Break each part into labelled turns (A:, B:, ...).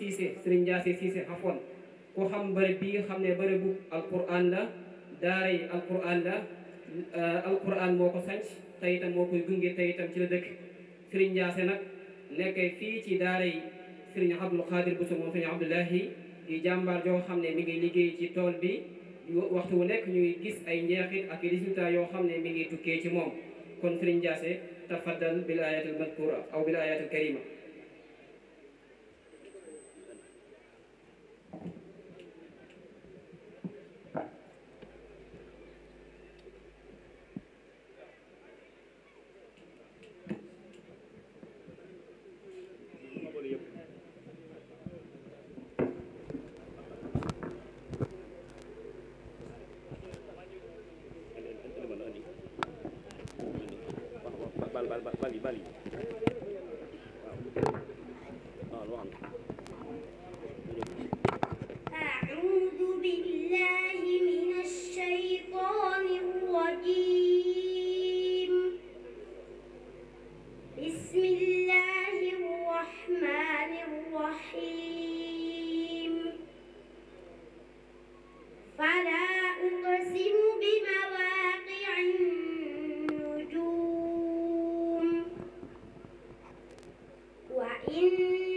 A: Cissé Serigne Ndiassé Cissé xafoon ku xam bërëb bi nga xam ne bërëbu alquran la daara yi alquran la euh, alquran moo ko sanc te itam moo koy gunge tey itam ci la dëkk Serigne Ndiassé nag nekkee fii ci daara yi Serigne Abdou Khadir Bousso moom Serigne Abdoulahi di jàmbaar xam ne mi ngi liggéey ci tool bi waxtu wu nekk ñuy gis ay njeexit ak résultat yoo xam ne mi ngi tukkee ci moom kon Serigne Ndiassé tafaddal bil ayatil madkura aw bil ayatil karima Jésus.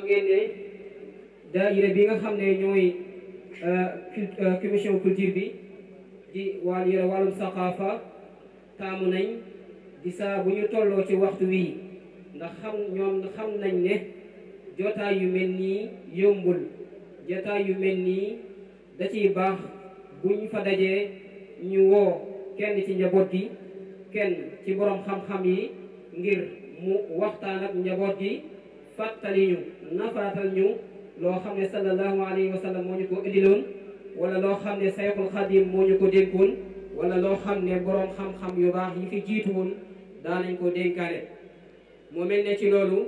A: xam ngeen ne bi nga xam ne ñooy euh, euh, commission culture bi di wàll yore wàllum saqaafa taamu nañ di saa bu ñu tolloo ci waxtu wii ndax xam ñoom xam nañ ne jotaay yu mel nii yombul jotaay yu mel nii da ciy baax ñu fa dajee ñu woo kenn ci njaboot gi kenn ci borom xam-xam yi ngir mu waxtaan ak njaboot gi fàttali ñu nafaatal ñu loo xam ne sallallahu alayhi wa moo ñu ko indiloon wala loo xam ne sayxul xadim moo ñu ko dénkoon wala loo xam ne boroom xam-xam yu baax yi fi jiitu woon daanañ ko dénkaane moo mel ne ci loolu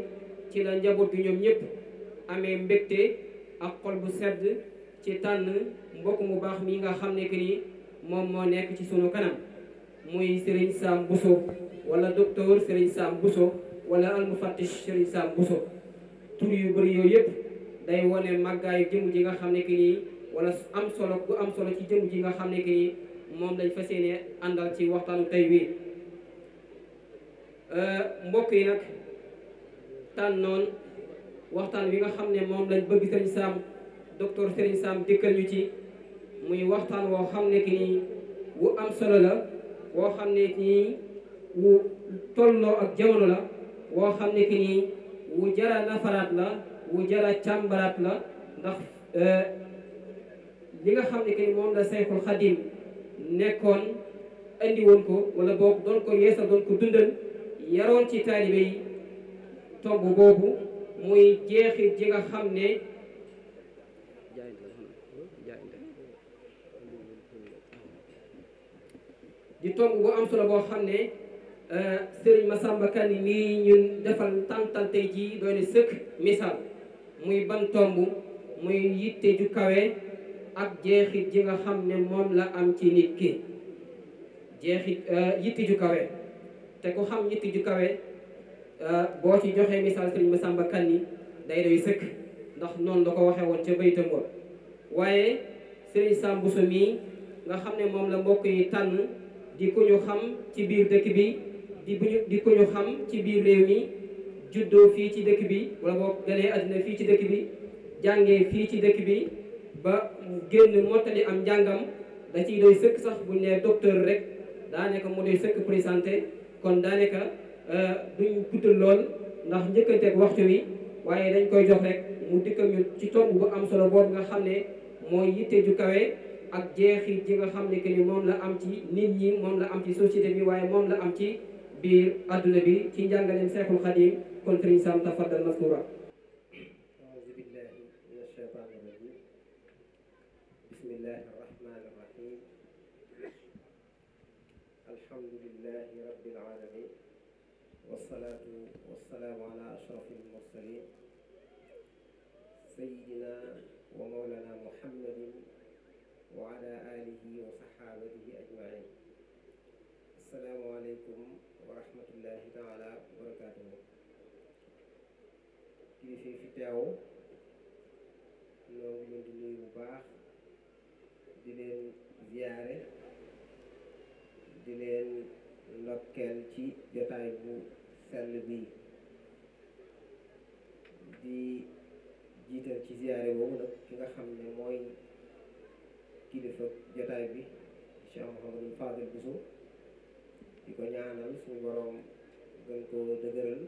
A: ci la njaboot bi ñoom ñëpp amee mbégte ak xol bu sedd ci tànn mbokk mu baax mi nga xam ne que ni moom moo nekk ci sunu kanam muy Serigne Sam Bousso wala docteur Serigne Sam Bousso wala almufattish Serigne Sam Bousso tur yu bari yooyu yëpp day wane màggaayu jëmm ji nga xam ne nii wala am solo ku am solo ci jëmm ji nga xam ne que nii moom lañ fa yéene àndal ci waxtaanu tey wii euh, mbokk yi nag tànn noonu waxtaan wi nga xam ne moom lañ bëgg sëriñ Sam docteur sëriñ Sam dikkal ñu ci muy waxtaan woo xam ne que nii wu am solo la woo xam ne nii wu tolloo ak jamono la woo xam ne nii wu jara nafaraat la wu jara càmbaraat la ndax euh, li nga xam ne que moom la Sayxul Xadim nekkoon indiwoon ko wala boog doon ko yeesal doon ko dundal yaroon ci taalibe yi boobu muy jeexit ji nga xam ne di tomb bu am solo boo xam ne Euh, sëriñ Massamba Kani lii ñun defal tàntal tey jii doy na sëkk misaal muy ban tomb muy yitte ju kawe ak jeexit ji nga xam ne moom la am ci nit ki jeexit euh, yitte ju kawe te ku xam yitte ju kawe euh, boo ci joxee misaal sëriñ Massamba Kani day doy sëkk ndax noonu la ko waxee woon ca baytam wa waaye sëriñ Samb Bousso mii nga xam ne moom la mbokk yi tànn di ku ñu xam ci biir dëkk bi di bu ñu di ko ñu xam ci biir réew ñi juddoo fii ci dëkk bi wala boog galee àddina fii ci dëkk bi jàngee fii ci dëkk bi ba génn mottali am njàngam da ciy doy sëkk sax bu nee docteur rek daanaka mu doy sëkk pour santé kon daanaka euh, duñ guddal lool ndax njëkkanteeg waxtu wi waaye dañ koy jox rek mu dikkal ñu ci tomb bu am solo boobu nga xam ne mooy yitte ju kawe ak jeexit ji nga xam ne que ni moom la am ci nit ñi moom la am ci société bi waaye moom la am ci biir adduna bi ci njàngaleem Seexul Xadiim kon sëriñ Sam tafaddal maskuura
B: bismillahi rahmani rahim alhamdulilahi rabbil alamin wasalaatu wasalaamu ala ashrafil mursalin sayyidina wa mawlana muhammadin wa ala alihi wa sahabatihi ajmain assalaamu aleykum rahmatullahi taala wa barakaatuhu kilifa yi fi teew ñoo ngi leen di nuyu bu baax di leen ziyaare di leen ndokkeel ci jotaay bu sell bii di jiital ci ziyaare boobu nag ki nga xam ne mooy kilifa jotaay bi Cheikh Mouhamadou Fadel Bousso di ko ñaanal suñu boroom gën ko dëgëral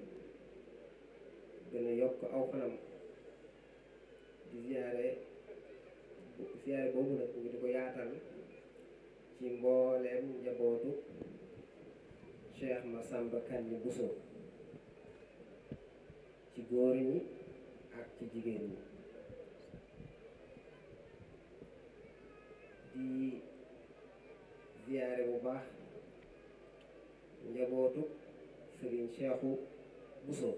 B: gën a yokk aw xanam di ziyaare ziyaare boobu nag di ko yaatal ci mbooleem njabootu Cheikh Massamba Kanni Bousso ci góor ñi ak ci jigéen ñi di ziyaare bu baax njabootu sëriñ Seexu Buso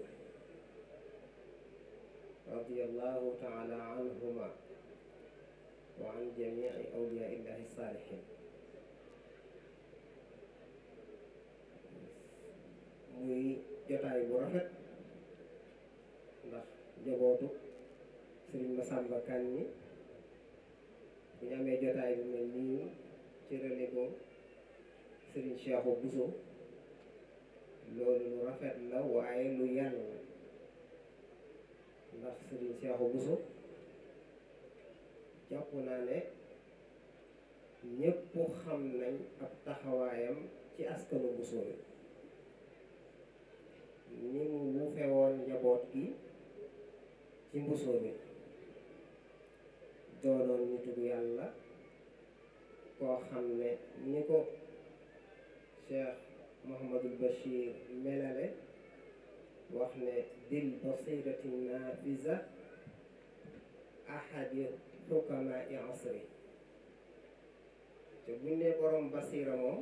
B: radiyallahu taala anhuma wa an jamii awliyaa illahi saalihin muy jotaay bu rafet ndax njabootu sëriñ Masamba Kanni bu ñu amee jotaay bu mel nii ci relais boobu sëriñ Buso loolu rafet la waaye lu yàlla ndax sëriñ Seexu Buso jàpp naa ne ñépp xam nañ ab taxawaayam ci askanu Buso bi ni mu wuufe woon njaboot gi ci Buso bi doonoon nitug yàlla koo xam ne ni ko Cheikh Mouhamadul Bachir melale wax ne bil basirati nafiza ahadi xukama i asri te buñ ne borom basira moom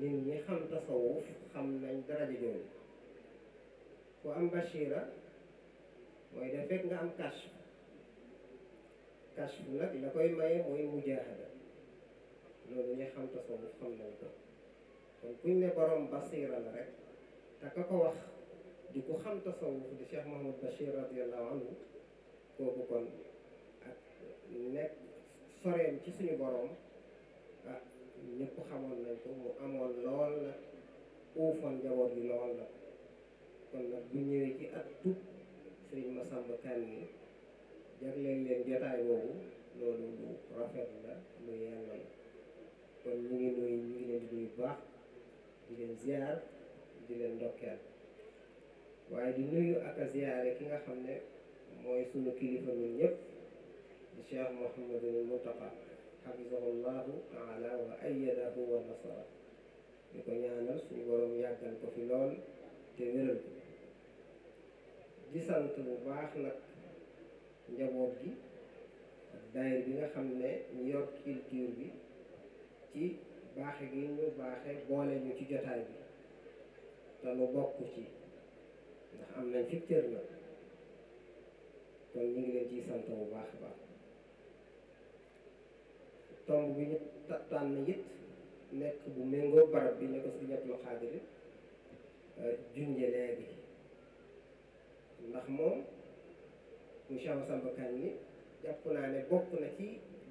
B: nit ñi xam tasawuf xam nañ daraja jooju ku am bachira mooy da fekk nga am kashf kashf nag la koy maye mooy mujahada loolu ñi xam tasawuf xam nañ ko kon kuñ ne borom basira la rek te ka ko wax di ko xam tasawuf di Cheikh Mouhamad Bachir radiallahu anhu kooku kon ak nekk soreem ci suñu borom ah ñëpp xamoon nañ ko mu amoon lool la uufoon njaboot bi lool la kon nag bu ñëwee ci at tub sëriñ Massamba Kanni jagleel leen jotaay boobu loolu lu rafet la lu yàlla kon ñu ngi nuyu ñu ngi leen di baax di leen ziar di waaye di nuyu ak ziare ki nga xam ne mooy sunu kilifa ñun ñëpp di cheikh Mouhamadul Mountakha xafisahullahu taala wa ayyadahu wa nasara di ko ñaanal suñu borom yàggal ko fi lool te wéral di sant bu baax nag njaboot gi ak daayir bi nga xam ne ñu yor culture bi ci baaxe gi ñu baaxe boole ñu ci jotaay bi te nu bokk ci ndax am nañ ci cër na kon ñu ngi leen ciy sant bu baax a baax tomb bi ñu tànn it nekk bu méngoo barab bi ne ko si ñett lu xaajale euh, junje léegi ndax moom monsieur Massamba Kane ni jàpp naa ne bokk na ci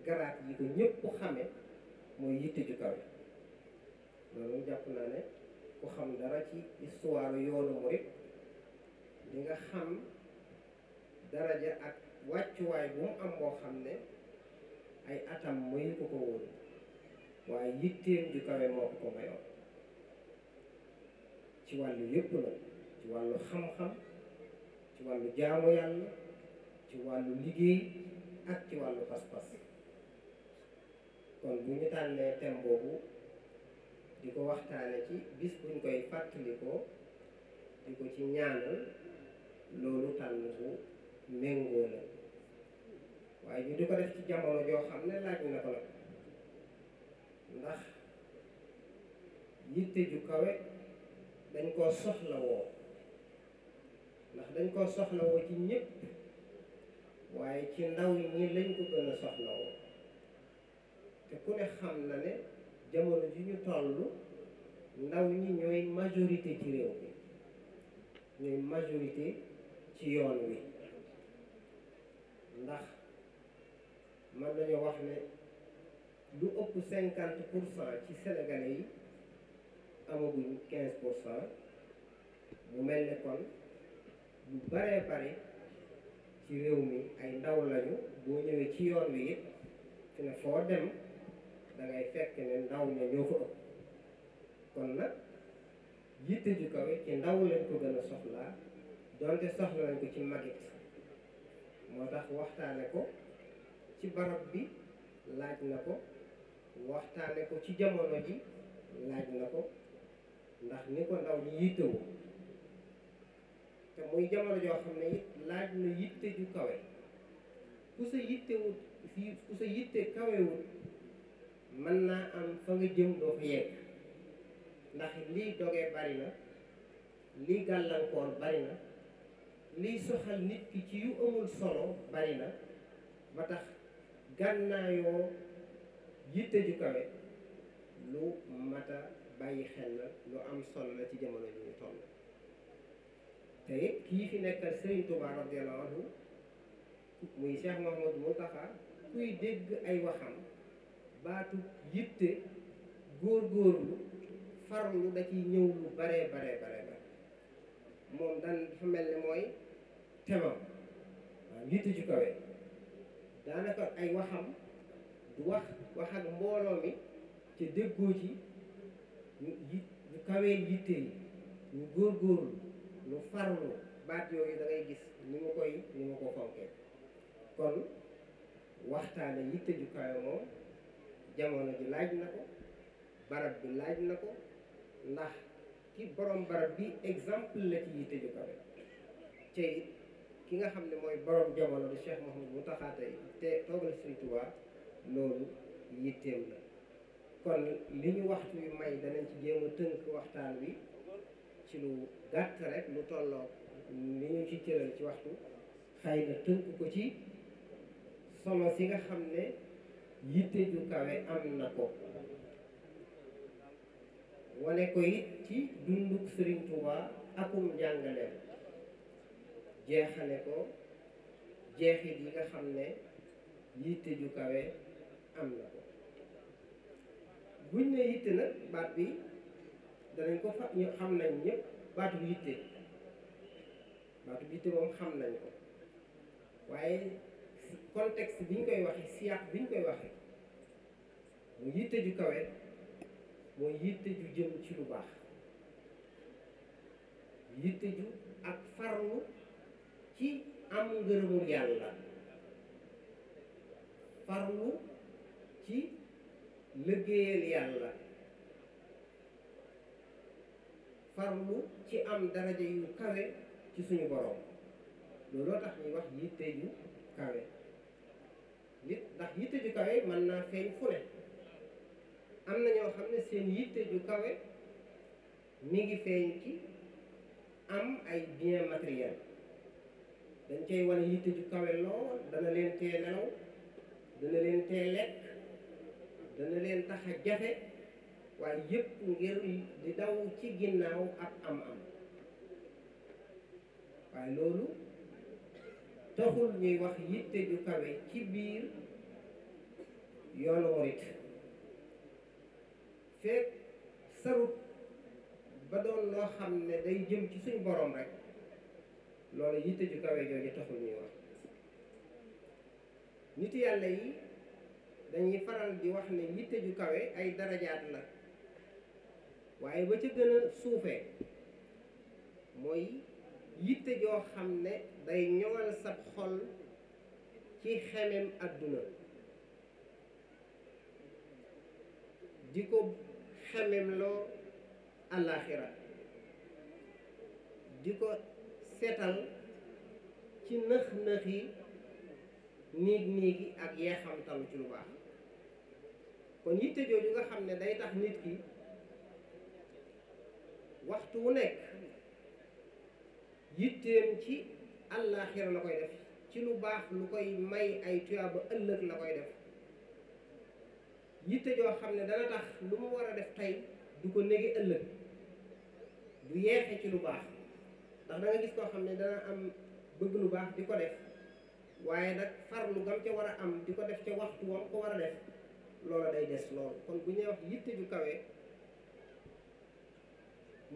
B: garaat yi ko ñëpp xame mooy yitte ju kaw loolu jàpp na ne ku xam dara ci histoire yoonu murit di nga xam daraja ak wàccuwaay bu mu am boo xam ne ay atam muy ko ko wóolu waaye yitteem ju kawe moo ko ko ci wàllu yëpp la ci wàllu xam-xam ci wàllu jaamu yàlla ci wàllu liggéey ak ci wàllu pas-pas kon bu ñu tànnee thème boobu di ko waxtaane ci bis buñ koy fàttalikoo di ko ci ñaanal loolu tànn bu méngoo waaye ñu di ko def ci jamono joo xam ne laaj na ko nag ndax yitte ju kawe dañ koo soxlawoo ndax dañ koo soxlawoo ci ñépp waaye ci ndaw ñi lañ ko gën a soxlawoo te ku ne xam na ne jamono ji ñu toll ndaw ñi ñooy majorité ci réew mi ñooy majorité ci yoon wi ndax man nañu wax ne lu ëpp cinquante pour cent ci senegale yi amaguñ quinze pour cent mu mel ne kon lu baree bare ci réew mi ay ndaw lañu boo ñëwee ci yoon wi it fi ne foo dem da fekk ne ndaw ña ñoo fa kon nag yitte ju kawe ci ndaw lañ ko gën a soxlaa donte ko ci magit moo tax waxtaane ko ci barab bi laaj na ko waxtaane ko ci jamono ji laaj na ko ndax ni ko ndaw ñi yittewoo te muy jamono joo xam ne it laaj na yitte ju kawe ku sa yittewut fii ku sa yitte kawewut mën naa am fa nga jëm doo fa yegg ndax lii dogee bari na lii gàllankoor bari la lii soxal nit ki ci yu amul solo bari na ba tax gànnaayoo yitte ju kawe lu mata bàyyi xel la lu am solo la ci jamono ji ñu toll te it kii fi nekkal Serigne Touba radiyallahu anhu muy Cheikh Mouhamadou Mountakha kuy dégg ay waxam baatu yitte góorgóorlu farlu da ciy ñëw lu baree baree baree bare moom daan dafa mel ne mooy temam waaw yitte ju kawe daanaka ay waxam du wax wax ak mbooloo mi ci déggoo ci ñu ñu kawee yitte yi ñu góorgóorlu ñu farlu baat yooyu da gis ni ma koy ni ma ko fonkee kon waxtaane yitte ju kawe moom jamono ji laaj na ko barab bi laaj na ko ndax ki borom barab bi exemple la ci yitte ju kawe te ki nga xam ne mooy borom jamono di Cheikh Mouhamadou Mountakha tey te toogal Sëriñ Tuubaa loolu yitteem la kon li ñu waxtu wi may danañ ci jéem tënk waxtaan wi ci lu gàtt rek mu tolloo li ñu ci cëral ci waxtu xëy na tënk ko ci solo si nga xam ne yitte ju kawe am na ko wane ko it ci dunduk sëriñ Touba akum jàngale jeexale ko jeexit yi nga xam ne yitte ju kawe am na ko buñ ne yitte nag baat bi danañ ko fa ñu xam nañ ñëpp baatu yitte baatu yitte moom xam nañ ko waaye contexte bi ñu koy waxee siyaaq bi ñu koy waxee mu yitte ju kawe mooy yitte ju jëm ci lu baax yitte ju ak farlu ci am ngërëmul yàlla farlu ci liggéeyal yàlla farlu ci am daraja yu kawe ci suñu borom looloo tax ñuy wax yitte ju kawe nit ndax yitte ju kawe mën naa feeñ fu ne am na ñoo xam ne seen yitte ju kawe mi ngi feeñ ci am ay bien matériel dañ cay wane yitte ju kawe lool dana leen tee nelaw dana leen tee lekk dana leen tax a jafe waaye yëpp ngir di daw ci ginnaaw ak am-am waaye loolu taxul ñuy wax yitte ju kawe ci biir yoonu murit fekk sarut ba doon loo xam ne day jëm ci suñ borom rek loolu yitte ju kawe jooju taxul ñuy wax nit yàlla yi dañuy faral di wax ne yitte ju kawe ay darajaat la waaye ba ca gën a suufee mooy yitte joo xam ne day ñoŋal sab xol ci xemem àdduna di ko xemem loo àllaaxira di ko seetal ci nëx-nëx yi niig niigi ak yeexamtal ci lu baax kon yitte jooju nga xam ne day tax nit ki waxtu wu nekk yitteem ci àllaaxira la koy def ci lu baax lu koy may ay tuyaaba ëllëg la koy def yitte joo xam ne dana tax lu ma war a def tey du ko néegi ëllëg du yeexe ci lu baax ndax da gis koo xam ne dana am bëgg lu baax di ko def waaye nag lu gam ca war a am di ko def ca waxtu wam ko war a def loola day des lool kon bu ñuy wax yitte ju kawe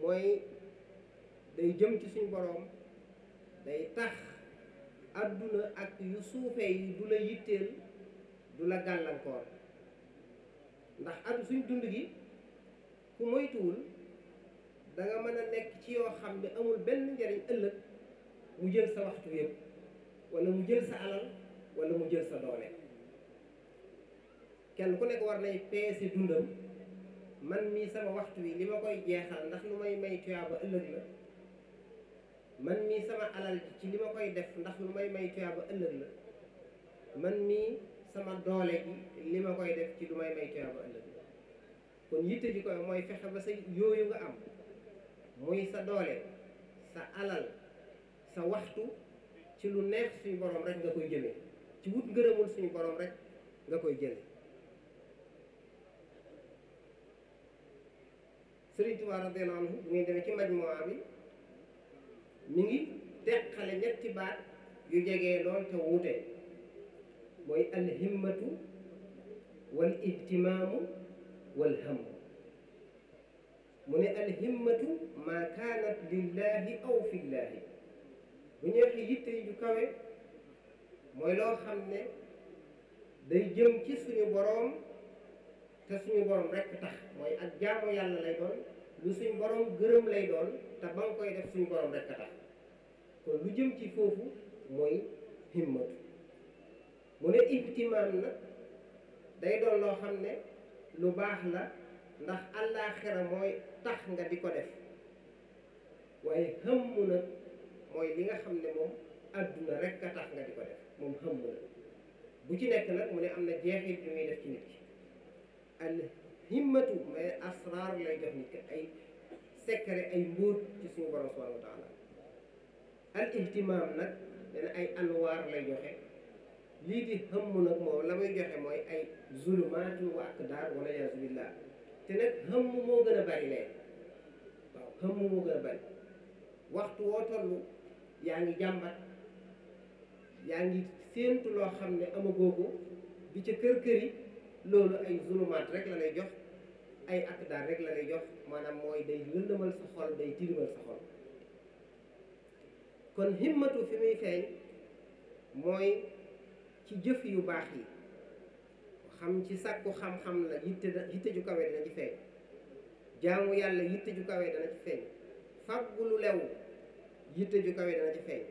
B: mooy day jëm ci suñu boroom day tax adduna ak yu suufee yi du la yitteel du la gàllankoor ndax addu suñ dund gi ku moytuwul da mën a nekk ci yoo xam ne amul benn njariñ ëllëg mu jël sa waxtu yëpp walla mu jël sa alal wala mu jël sa doole kenn ku nekk war nay peese dundam man mii sama waxtu wi li ma koy jeexal ndax lu may may tuyaaba ëllëg la man mii sama alal ci li ma koy def ndax lu may may tuyaaba ëllëg la man mii sama doole gi li ma koy def ci lu may may tuyaaba ëllëg la kon yitte ji koy mooy fexe ba sa yooyu nga am muy sa doole sa alal sa waxtu ci lu neex suñu borom rek nga koy jëlee ci wut ngërëmul suñu borom rek nga koy jële Sëriñ Tuubaa radiyallaahu anhu bu ngeen demee ci am bi mi ngi teqale ñetti baat yu jege lool te wuute mooy alhimmatu wal ihtimaamu wal ham mu ne alhimmatu maa kaanat lillahi aw fillahi bu ñu waxee yitte ju kawe mooy loo xam ne day jëm ci suñu boroom te suñu boroom rekk tax mooy ak jaamu yàlla lay doon lu suñu boroom gërëm lay doon te ba nga koy def suñu boroom rekk tax kon lu jëm ci foofu mooy himmatu mu ne ihtimaam na day doon loo xam ne lu baax la ndax àllaaxira mooy tax nga di ko def waaye xëmm na mooy li nga xam ne moom àdduna rekk a tax nga di ko def moom xëmm na bu ci nekk nag mu ne am na jeexit yu muy def ci nit ki al himmatu mais asraar lay def nit ki ay secret ay mbóot ci suñu borom subhanahu wa al ihtimaam nag dana ay anwaar lay joxe lii di xëmm nag moom la muy joxe mooy ay zulumaatu wa akdaar wala te nag xëmm moo gën a bari leen waaw xëmm waxtu woo tollu yaa ngi jàmbat yaa ngi séentu loo xam ne amagoo ko bi ca kër kër yi loolu ay zulumaat rek la lay jox ay akdaar rek la lay jox maanaam mooy day lëndëmal sa xol day tilimal sa xol kon himmatu fi muy feeñ mooy ci jëf yu baax yi xam ci sàkku xam-xam la yitte yitte ju kawe dana ci feeñ jaamu yàlla yitte ju kawe dana ci feeñ lew yitte ju kawe dana ci feeñ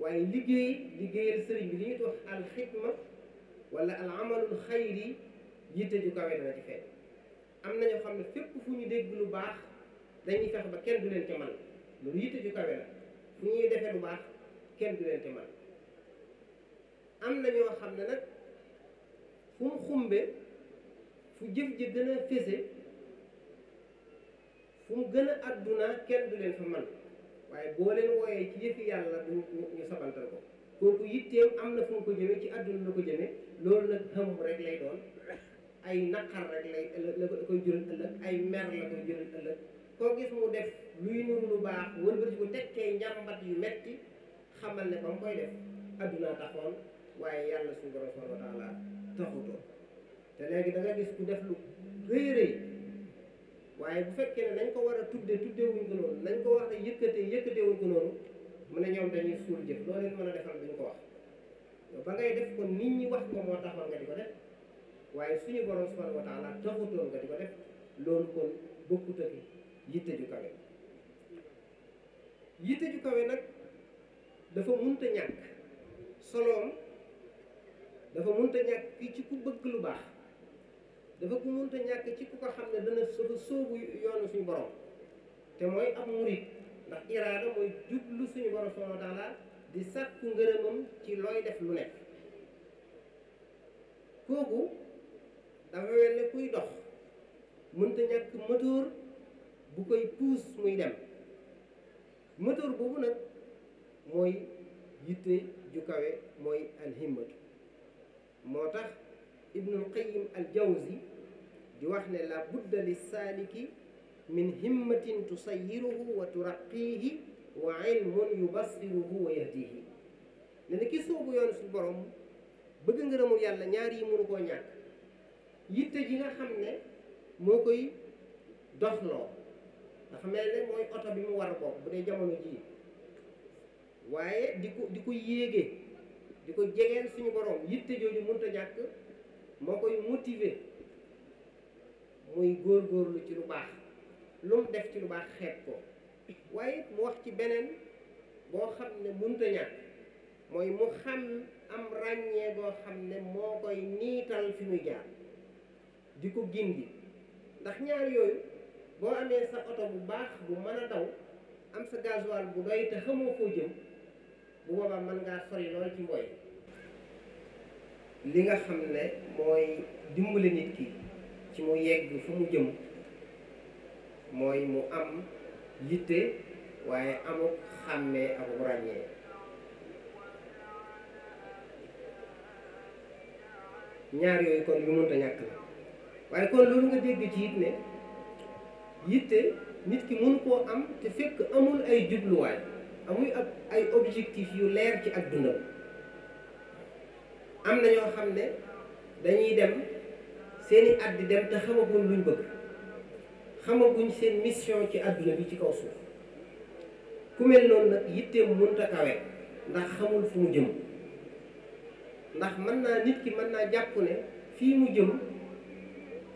B: waaye liggéey liggéeyal sëriñ bi li ñuy wax alxidma wala al amalul xayri yitte ju kawe dana ci feeñ am na ñoo xam ne fépp fu ñu dégg lu baax dañuy fex ba kenn du leen ca man loolu yitte ju kawe la ni ñuy defee lu baax kenn du leen te man am na ñoo xam ne nag fu mu xumbe fu jëf ji gën a fese fu mu gën a adduna kenn du leen fa man waaye boo leen wooyee ci yëfi yàlla du ñu sabantal ko kooku yitteem am na fu mu ko jëme ci àdduna la ko jëme loolu nag xam rek lay doon ay naqar rek lay la koy jural ëllëg ay mer la koy jural ëllëg koo gis mu def luy nuru lu baax wëlbati ko tekkee njàmbat yu metti xamal ne ba mu koy def adduna taxoon waaye yàlla suñu borom subhanahu wa taala taxutoo gis ku def lu rëy rëy waaye bu fekkee ne nañ ko war a tudde tuddewuñ ko noonu nañ ko war a yëkkate yëkkatewuñ ko noonu mu ne ñoom dañuy suul leen mën a defal duñ ko wax ba def ko nit ñi wax ko moo taxoon suñu borom subhanahu wa taala taxutoon nga di ko def loolu kon bokkut yitte ju kawe yitte ju kawe nag dafa munta ñàkk soloom dafa munta ñàkk ci ku bëgg lu baax dafa ku munta ñàkk ci ku ko xam ne dana soobu soobu yoonu suñu borom te mooy ab murit ndax iraada mooy jublu suñu borom subhaanahu wa taala di sàkku ngërëmam ci looy def lu nekk kooku dafa mel kuy dox mënta ñàkk moteur bu koy pousse muy dem moteur boobu nag mooy yitte ju kawe mooy alhimmatu moo tax ibnul qayim al jawzi di wax ne la budda li saaliki min himmatin tusayiruhu wa turaqihi wa ilmun yubassiruhu wa yahdihi ne ki soobu yoon su borom bëgg ngërëmul yàlla ñaar yi mënu koo ñàkk yitte ji nga xam ne moo koy doxloo dafa mel ne mooy oto bi mu war ko bu dee jamono jii waaye di ko di ko yéegee di ko jegeel suñu borom yitte jooju mënta ñàkk moo koy motiver muy góorgóorlu ci lu baax lu mu def ci lu baax xeeb ko waaye mu wax ci beneen boo xam ne mënta ñàkk mooy mu xam am ràññee boo xam ne moo koy niital fi muy jaar di ko gindi ndax ñaar yooyu boo amee sa oto bu baax bu mën a daw am sa gasoil bu doy te xamoo koo jëm bu boobaa mën ngaa sori lool ci mbooy li nga xam ne mooy dimbali nit ki ci mu yegg fu mu jëm mooy mu am yitte waaye amuk xàmmee ak ràññee ñaar yooyu kon yu mënta ñàkk la waaye kon loolu nga dégg ci ne yitte nit ki mënu koo am te fekk amul ay jubluwaay amuy ab ay objectif yu leer ci ak dundam am na ñoo xam ne dañuy dem seeni at di dem te xamaguñ luñ bëgg xamaguñ seen mission ci àdduna bi ci kaw suuf ku mel noonu nag yitteem mënta kawe ndax xamul fu mu jëm ndax mën naa nit ki mën naa jàpp ne fii mu jëm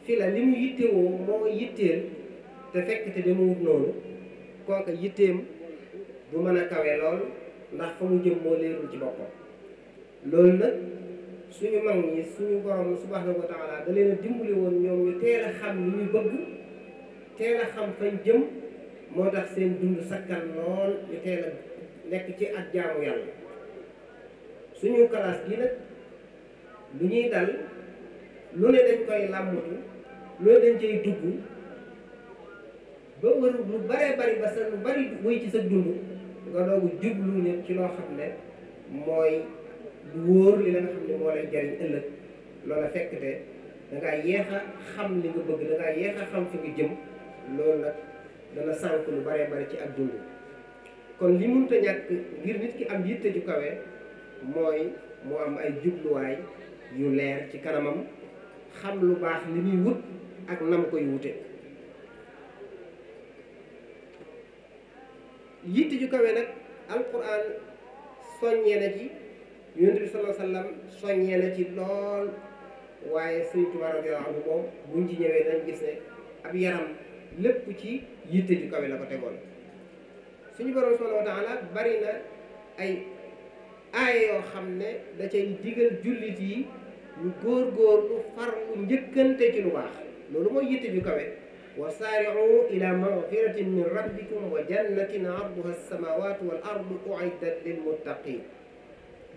B: fi la li mu yittewoo moo yitteel te fekk te li mu wut noonu kooka yitteem du mën a kawe lool ndax fa mu jëm moo leerul ci boppam loolu nag suñu mag ñi suñu borom subhanahu wa taala da leen a dimbali woon ñoom ñu teel a xam li ñu bëgg tee a xam fañ jëm moo tax seen dund sakkan lool ñu teel a nekk ci ak jaamu yàlla suñu kalaas gi nag lu ñuy dal lu ne dañ koy làmmatu lu ne dañ cay dugg ba wër lu bëree bëri ba sa lu bëri muy ci sa dund nga doogu jublu nit ci loo xam ne mooy du wóor li la nga xam ne moo lay jariñ ëllëg loola fekk de da ngaa yéex xam li nga bëgg da ngaa xam fi nga jëm loolu nag dana sànq lu bëree bëri ci ak dund kon li mun a ñàkk ngir nit ki am yitte ju kawe mooy mu am ay jubluwaay yu leer ci kanamam xam lu baax li muy wut ak nam koy wute yitte ju kawe nag alquran soññee na ci yonent bi sallallahu alayhi soññee na ci lool waaye Sëriñ Tuubaa radiyallaahu anhu moom buñ ci ñëwee dañ gis ne ab yaram lépp ci yitte ju kawe la ko tegoon suñu borom subhaanahu wa taala bari na ay aaye yoo xam ne da cay digal jullit yi ñu góor góorlu farlu njëkkante ci lu baax loolu mooy yitte ju kawe وسارعوا إلى مغفرة من ربكم وجنة عرضها السماوات والأرض أعدت للمتقين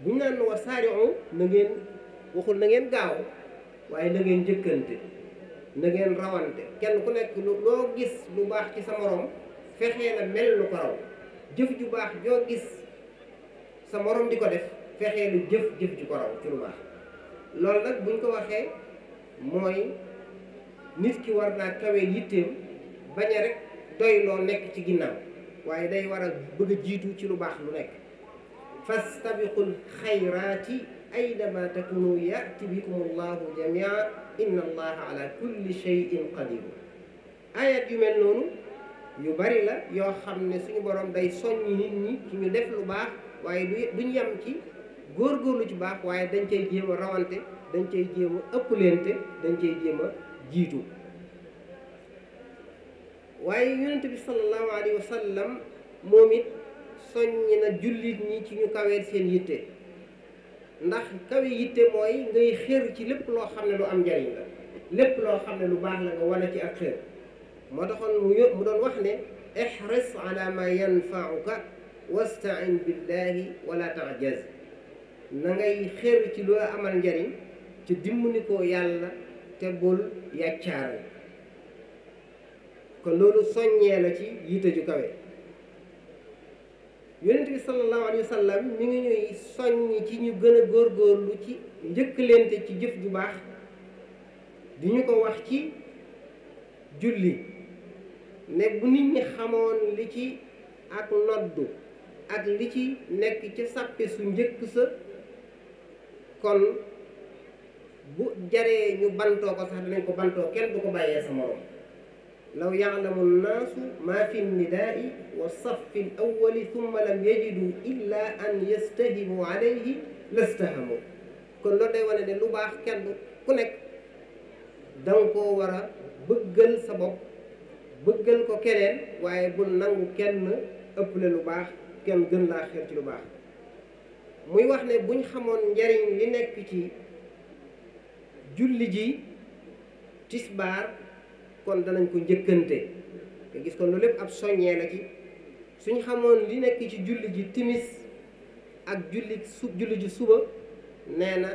B: bu naan wasaari'u na ngeen waxul na ngeen gaaw waaye na ngeen jëkkante na ngeen rawante kenn ku nekk loo gis lu baax ci sa morom fexee na mel lu ko raw jëf ju baax joo gis sa morom di ko def fexee lu jëf jëf ju ko raw ci lu baax loolu nag buñ ko waxee mooy nit ki war naa kawe yitteem bañ a rek doy loo nekk ci ginnaaw waaye day war a jiitu ci lu baax lu nekk fastabiqul xayraati aynama takunu yati bikum allahu jamia inna allaha ala kulli cheyin qadir ayat yu mel noonu yu bari la yoo xam ne suñu borom day soññ nit ñi ci ñu def lu baax waaye du duñ yem ci góor góorgóorlu ci baax waaye dañ cay jéem rawante dañ cay jéem a ëpplente dañ cay jéem a jiitu waaye yonent bi sallallahu alayhi wa moom it soññ na jullit ñi ci ñu kawee seen yitte ndax kawe yitte mooy ngay xër ci lépp loo xam ne lu am njariñ la lépp loo xam ne lu baax la nga wala ci ak xër moo taxoon mu yë mu doon wax ne ihris ala ma yanfauka wastain billahi wala taajaz na ngay xër ci loo amal njariñ ci dimbalikoo yàlla te bul yàccaaral kon loolu soññee la ci yitte ju kawe yonent bi sallallahu alayhi wa sallam mi ngi ñuy soññ ci ñu gën a góorgóorlu ci njëkkalante ci jëf ju baax di ñu ko wax ci julli ne bu nit ñi xamoon li ci ak noddu ak li ci nekk ca sàppe su njëkk sa kon bu jaree ñu bantoo ko sax dinañ ko bantoo kenn du ko bàyyee sa morom law yalamu nnaasu maa fi nnidaai wa saffi l awali thumma lam yajidu illa an yastahimu alayhi lastahamu kon loolu day wane ne lu baax kenn ku nekk danga koo war a sa bopp bëggal ko keneen waaye bul nangu kenn ëpple lu baax kenn gën laa xeer ci lu baax muy wax ne buñ xamoon njariñ li nekk ci julli ji tisbaar kon danañ ko njëkkante nga gis kon loolu lépp ab soññee la ci suñ xamoon li nekk ci julli ji timis ak julli su julli ji suba nee na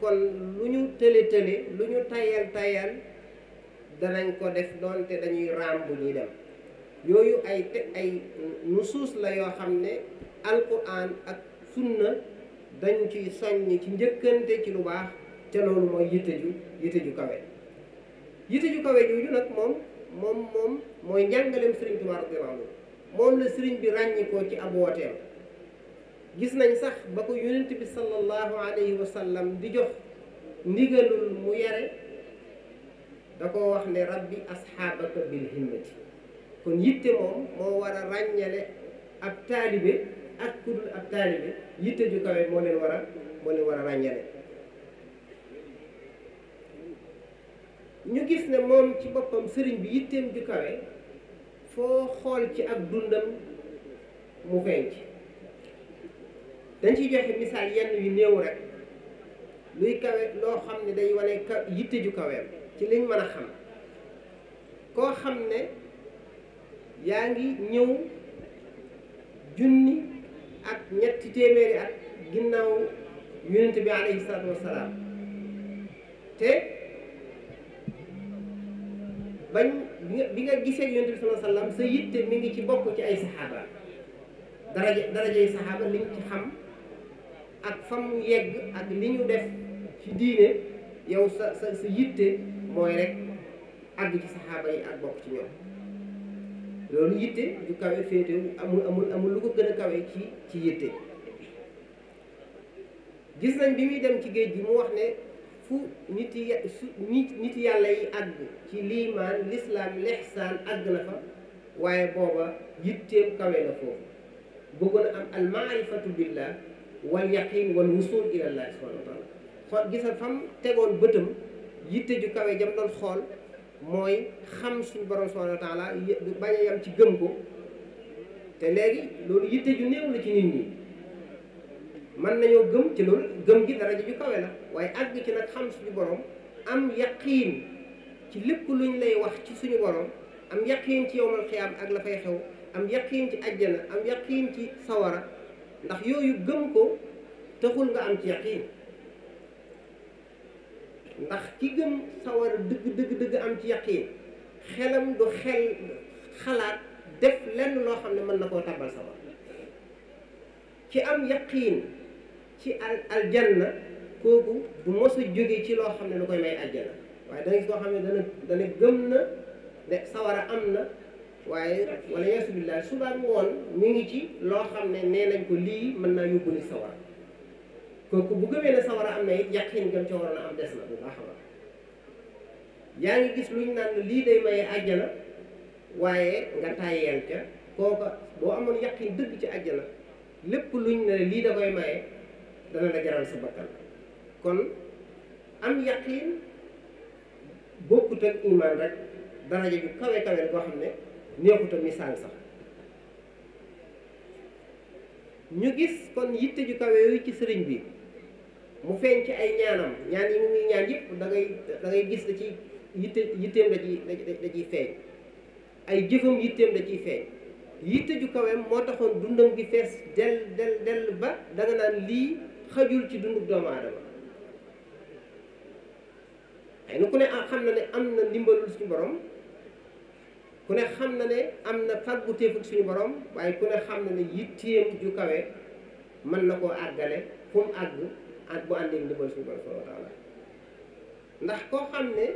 B: kon lu ñu tële tële lu ñu tayal tayal danañ ko def doonte dañuy raam bu dem yooyu ay te ay nusuus la yoo xam ne alquran ak funna dañ ci soññ ci njëkkante ci lu baax te loolu mooy yitte ju yitte ju kawe yitte ju kawe jooju nag moom moom moom mooy njàngaleem sëriñ Tuubaa radiyallaahu anhu moom la sëriñ bi ràññikoo ci ab wooteem gis nañ sax ba ko yonent bi sallallahu alayhi wa di jox ndigalul mu yare da ko wax ne rabbi asxaabaka bil himmati kon yitte moom moo war a ràññale ab taalibe ak ku dul ab taalibe yitte ju kawe moo leen war a moo leen war a ràññale ñu gis ne moom ci boppam sëriñ bi yitteem ju kawe foo xool ci ak dundam mu feeñ dañ ciy joxe misaal yenn yu néew rek luy kawe loo xam ne day wane ka yitte ju kaweem ci liñ mën a xam koo xam ne yaa ngi ñëw junni ak ñetti téeméeri at ginnaaw yonent bi alayhi salaatu wasalaam te bañ bi nga gisee yonent bi sa alayhi sa yitte mi ngi ci bokk ci ay saxaaba daraja darajay saxaaba liñ ci xam ak fam yegg ak li ñu def ci diine yow sa sa sa yitte mooy rek àgg ci saxaaba yi ak bokk ci ñoom loolu yitte du kawe féete amul amul amul lu ko gën a kawe ci ci yitte gis nañ bi muy dem ci géej gi mu wax ne fu nit yi nit nit yàlla yi àgg ci liimaan lislaam lexsaan àgg na fa waaye booba yitteem kawe na foofu bëggoon a am al maarifatu billah wal yaqin wal wusul ila allah subhanahu wa taala xool gisal fam tegoon bëtam yitte ju kawe jam doon xool mooy xam suñu borom subhanahu wa taala bañ yam ci gëm ko te léegi loolu yitte ju néew la ci nit ñi mën nañoo gëm ci loolu gëm gi dara ji ju kawe la waaye àgg ci nag xam suñu boroom am yaqiin ci lépp luñ lay wax ci suñu borom am yaqiin ci yowmal xiyaam ak la fay xew am yaqiin ci ajjana am yaqiin ci sawara ndax yooyu gëm ko taxul nga am ci yaqiin ndax ki gëm sawara dëgg dëgg dëgg am ci yaqiin xelam du xel xalaat def lenn loo xam ne mën na koo tàbbal sawara ki am yaqiin ci al aljanna kooku du mos a jóge ci loo xam ne lu koy may aljanna waaye dana gis koo xam ne dana dana gëm na ne sawara am na waaye wala yaasu billaah subaa woon ngi ci loo xam ne nee nañ ko lii mën naa yóbbu ni sawara kooku bu gëmee ne sawara am na it yàqin gëm ca waroon a am des na bu baax a yaa ngi gis luñ naan lii day maye àjjana waaye nga tàyyeel ca kooka boo amoon yàqin dëgg ci àjjana lépp luñ ne lii da koy maye dana la jaral sa bakkan kon am yaqiin bokkut ak imaan rek daraja ju kawe kawe boo xam ne neexut a misaal sax ñu gis kon yitte ju kawe ci sëriñ bi mu feeñ ci ay ñaanam ñaan yi muy ñaan yëpp da ngay gis da ci yitte yitteem da ci da ciy feeñ ay jëfam yitteem da ciy feeñ yitte ju kaweem moo taxoon dundam gi fees del del del ba da nga lii xajul ci dundu doomu aadama ay na ku ne xam na ne am na ndimbalul suñu borom ku ne xam na ne am na fàgguteefuk suñu boroom waaye ku ne xam na ne yitteem ju kawe mën na koo àggale fu mu àgg ak bu àndee ndimbal suñu borom subhanahu wa taala ndax koo xam ne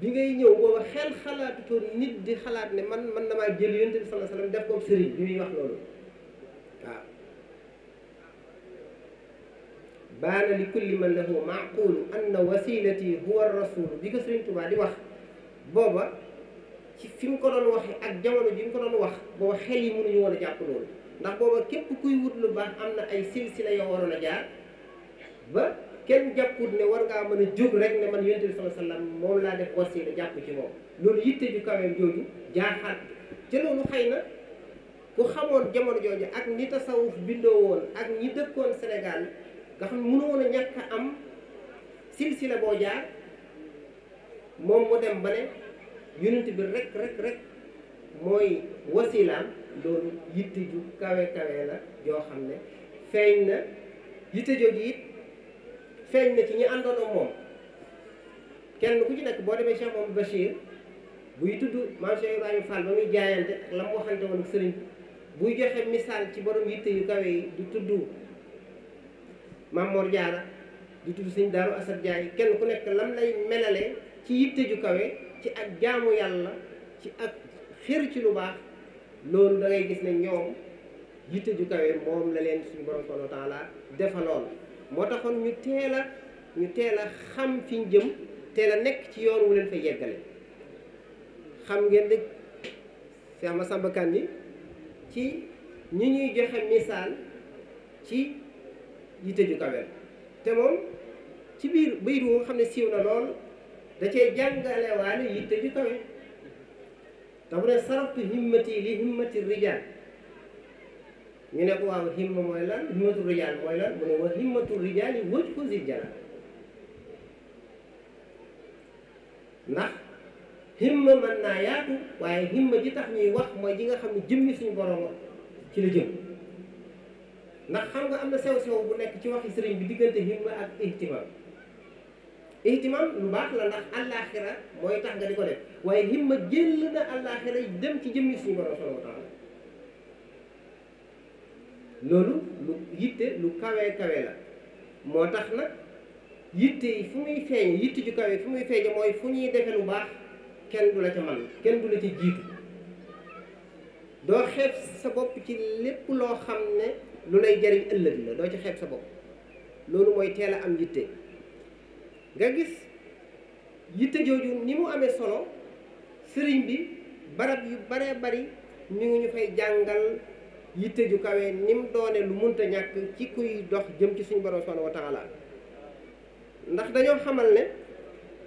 B: bi ngay ñëw booba xel xalaatutoon nit di xalaat ne man man na damaa jël yonent bi sallallahu sa wasallam def ko sëriñ bi wax loolu waaw baana li kulli man lahu maaqulu anna wasilati huwa rasulu bi ko Sëriñ Tuubaa di wax booba ci fi mu ko doon waxee ak jamono ji mu ko doon wax booba xel yi mënuñu woon a jàpp loolu ndax booba képp kuy wut lu baax am na ay silsila yoo waroon a jaar ba kenn jàpput ne war ngaa mën a jóg rek ne man yonent bi sallallahu alayhi wasallam moom laa def wasiila jàpp ci moom loolu yitte ju kaweem jooju jaaxaat te loolu xëy na ku xamoon jamono jooju ak ni tasawuf bindoo woon a ñi dëkkoon Sénégal nga xam ne mënu woon a ñàkk am silsila boo jaar moom mu dem ba ne yonent bi rek rek mooy wasilaan loolu yitte ju kawe kawe la joo xam ne feeñ na yitte jooju it feeñ na ci ñu àndoon ak moom kenn ku ci nekk boo demee Cheikh Mamadou Bachir buy tudd maam Cheikh Ibrahima Fall ba muy jaayante ak la mu waxante woon sëriñ buy joxe misaal ci borom yitte yu kawe yi du tudd Maam Jaara di tudd sëñ Daaru Asad Jaay kenn ku nekk lam lay melale ci yitte ju kawe ci ak jaamu yàlla ci ak xër ci lu baax loolu da gis ne ñoom yitte ju kawe moom la leen suñu borom subhaanahu wa taala moo taxoon ñu teel a ñu teel a xam fi jëm teel a nekk ci yoon wu leen fa yeggale xam ngeen ne Cheikh Massamba Kane ci ñi ñuy joxe misaal ci yitte ju kawel te moom ci biir bayit woo nga xam ne siiw na lool da cee jàngale waale yitte ju kawe te mu ne saraftu himmati li himmati rijal ñu ne ko waaw himma mooy lan himmatu rijal mooy lan mu ne yi wëj ko zil jalal ndax himma mën naa yaatu waaye himma ji tax ñuy wax mooy ji nga xam ne jëmmi suñu borom ci la jëm ndax xam nga am na sew-sew bu nekk ci waxi sëriñ bi diggante himma ak ihtimam ihtimam lu baax la ndax àllaaxira mooy tax nga di ko def waaye himma jël na àllaaxira dem ci jëmmi suñu borom subhanahu loolu lu lu kawee kawe la moo tax nag yitte yi fu muy feeñ yitte ju kawe fu muy feeñe mooy fu ñuy defe lu baax kenn bu la ca man kenn du la ca jiitu doo xeeb sa bopp ci lépp loo xam ne lu lay jariñ ëllëg la doo ci xeeb sa bopp loolu mooy teel a am yitte nga gis yitte jooju ni mu amee solo sëriñ bi barab yu baree bari ñu ngi ñu fay jàngal yitte ju kawe ni mu doone lu munta ñàkk ci kuy dox jëm ci suñu borom subhanahu wa ndax dañoo xamal ne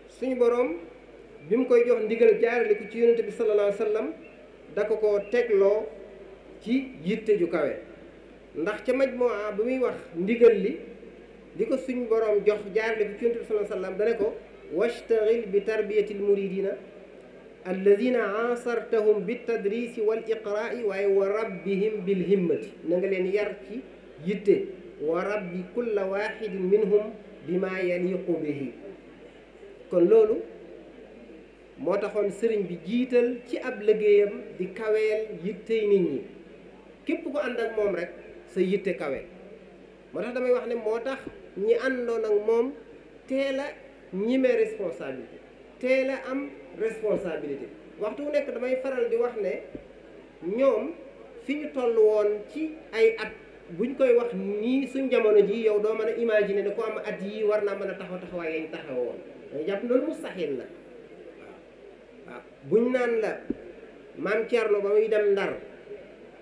B: suñu borom bi mu koy jox ndigal jaarale ko ci yonente bi sallallahu alayhi wa sallam da ko ko tegloo ci yitte ju kawe ndax ca majmuwa bu muy wax ndigal li di ko suñ boroom jox jaarle ko ci yonent bi sallallahu alayhi ko washtaghil bi tarbiyati almuridina alladina aasartahum bitadrisi wal iqraai waaye wa rabbihim bilhimmati na nga leen yar ci yitte wa rabbi kulla waxidin minhum bima yaliqu bihi kon loolu moo taxoon sëriñ bi jiital ci ab liggéeyam di kaweel yittey nit ñi képp ku ànd ak moom rek sa yitte kawe moo tax damay wax ne moo tax ñi àndoon ak moom teel a ñime responsabilité teel a am responsabilité waxtu wu nekk damay faral di wax ne ñoom fi ñu toll woon ci ay at buñ koy wax nii suñ jamono ji yow doo mën a imaginer ne ko am at yi war naa mën a taxaw taxawaay yañ taxaw woon dañu jàpp loolu mu saxin la waaw waaw buñ naan la maam Thierno ba muy dem Ndar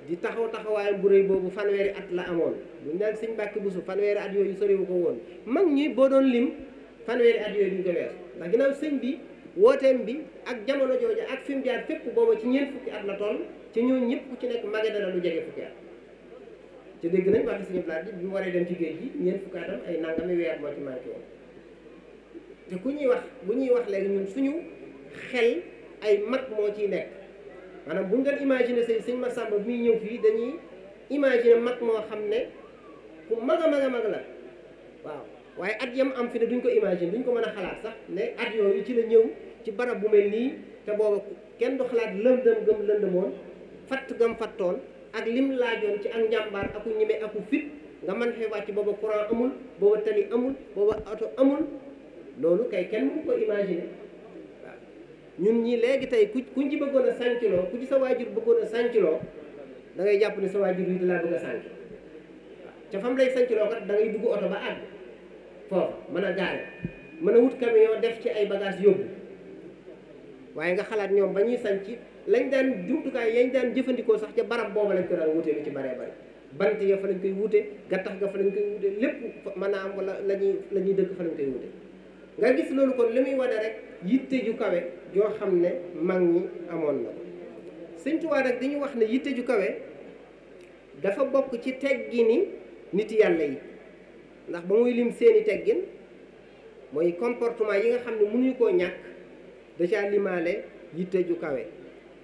B: di taxaw taxawaayam bu rëy boobu fanweeri at la amoon buñ daan sëñ Mbàkke Buso fanweeri at yooyu soriwu ko woon mag ñi boo doon lim fanweeri at yooyu duñ ko wees ndax ginnaaw sëñ bi wooteem bi ak jamono jooju ak fi mu jaar fépp booba ci ñeent fukki at na toll ci ñoo ñëpp ku ci nekk mage dana lu jege fukki at te dégg nañ wax suñu blaat bi mu waree dem ci géej gi ñeent fukki atam ay nangami weer moo ci manqué te ku ñuy wax bu ñuy wax léegi ñun suñu xel ay mag moo ciy nekk maanaam bu ñu doon imaginer sëñ sëñ Massamba bi muy ñëw fii dañuy imaginer mag moo xam ne ku mag a mag a mag la waaw waaye at yam am fi ne duñ ko imaginer duñ ko mën a xalaat sax ne at yooyu ci la ñëw ci barab bu mel nii te booba kenn du xalaat lëndëm gëm lëndëmoon fatt gëm fattoon ak lim laajoon ci ak njàmbaar aku ñime aku fit nga mën fee wàcc booba courant amul booba tali amul booba oto amul loolu kay kenn mënu ko imaginer ñun ñi léegi tey ku kuñ ci bëggoon a sàncloo ku ci sa waajur bëggoon a sàncloo da jàpp ne sa waajur yi da laa bëgg a sànc ca fam lay sàncloo kat da ngay dugg oto ba àgg foofu mën a gaare mën a wut camion def ci ay bagage yóbbu waaye nga xalaat ñoom ba ñuy sànc lañ daan jumtukaay yañ daan jëfandikoo sax ca barab booba lañ ko daan wutee lu ci baree bari bant ya fa lañ koy wute gattax ga fa lañ koy wute lépp mën naa am wala la ñuy la ñuy dëkk fa lañ koy wute nga gis loolu kon li muy wane rek yitte ju kawe joo xam ne mag ñi amoon na ko Sëñ rek dañu wax ne yitte ju kawe dafa bokk ci teggini nit yàlla yi ndax ba muy lim seeni teggin mooy comportement yi nga xam ne mënuñu koo ñàkk da caa limaale yitte ju kawe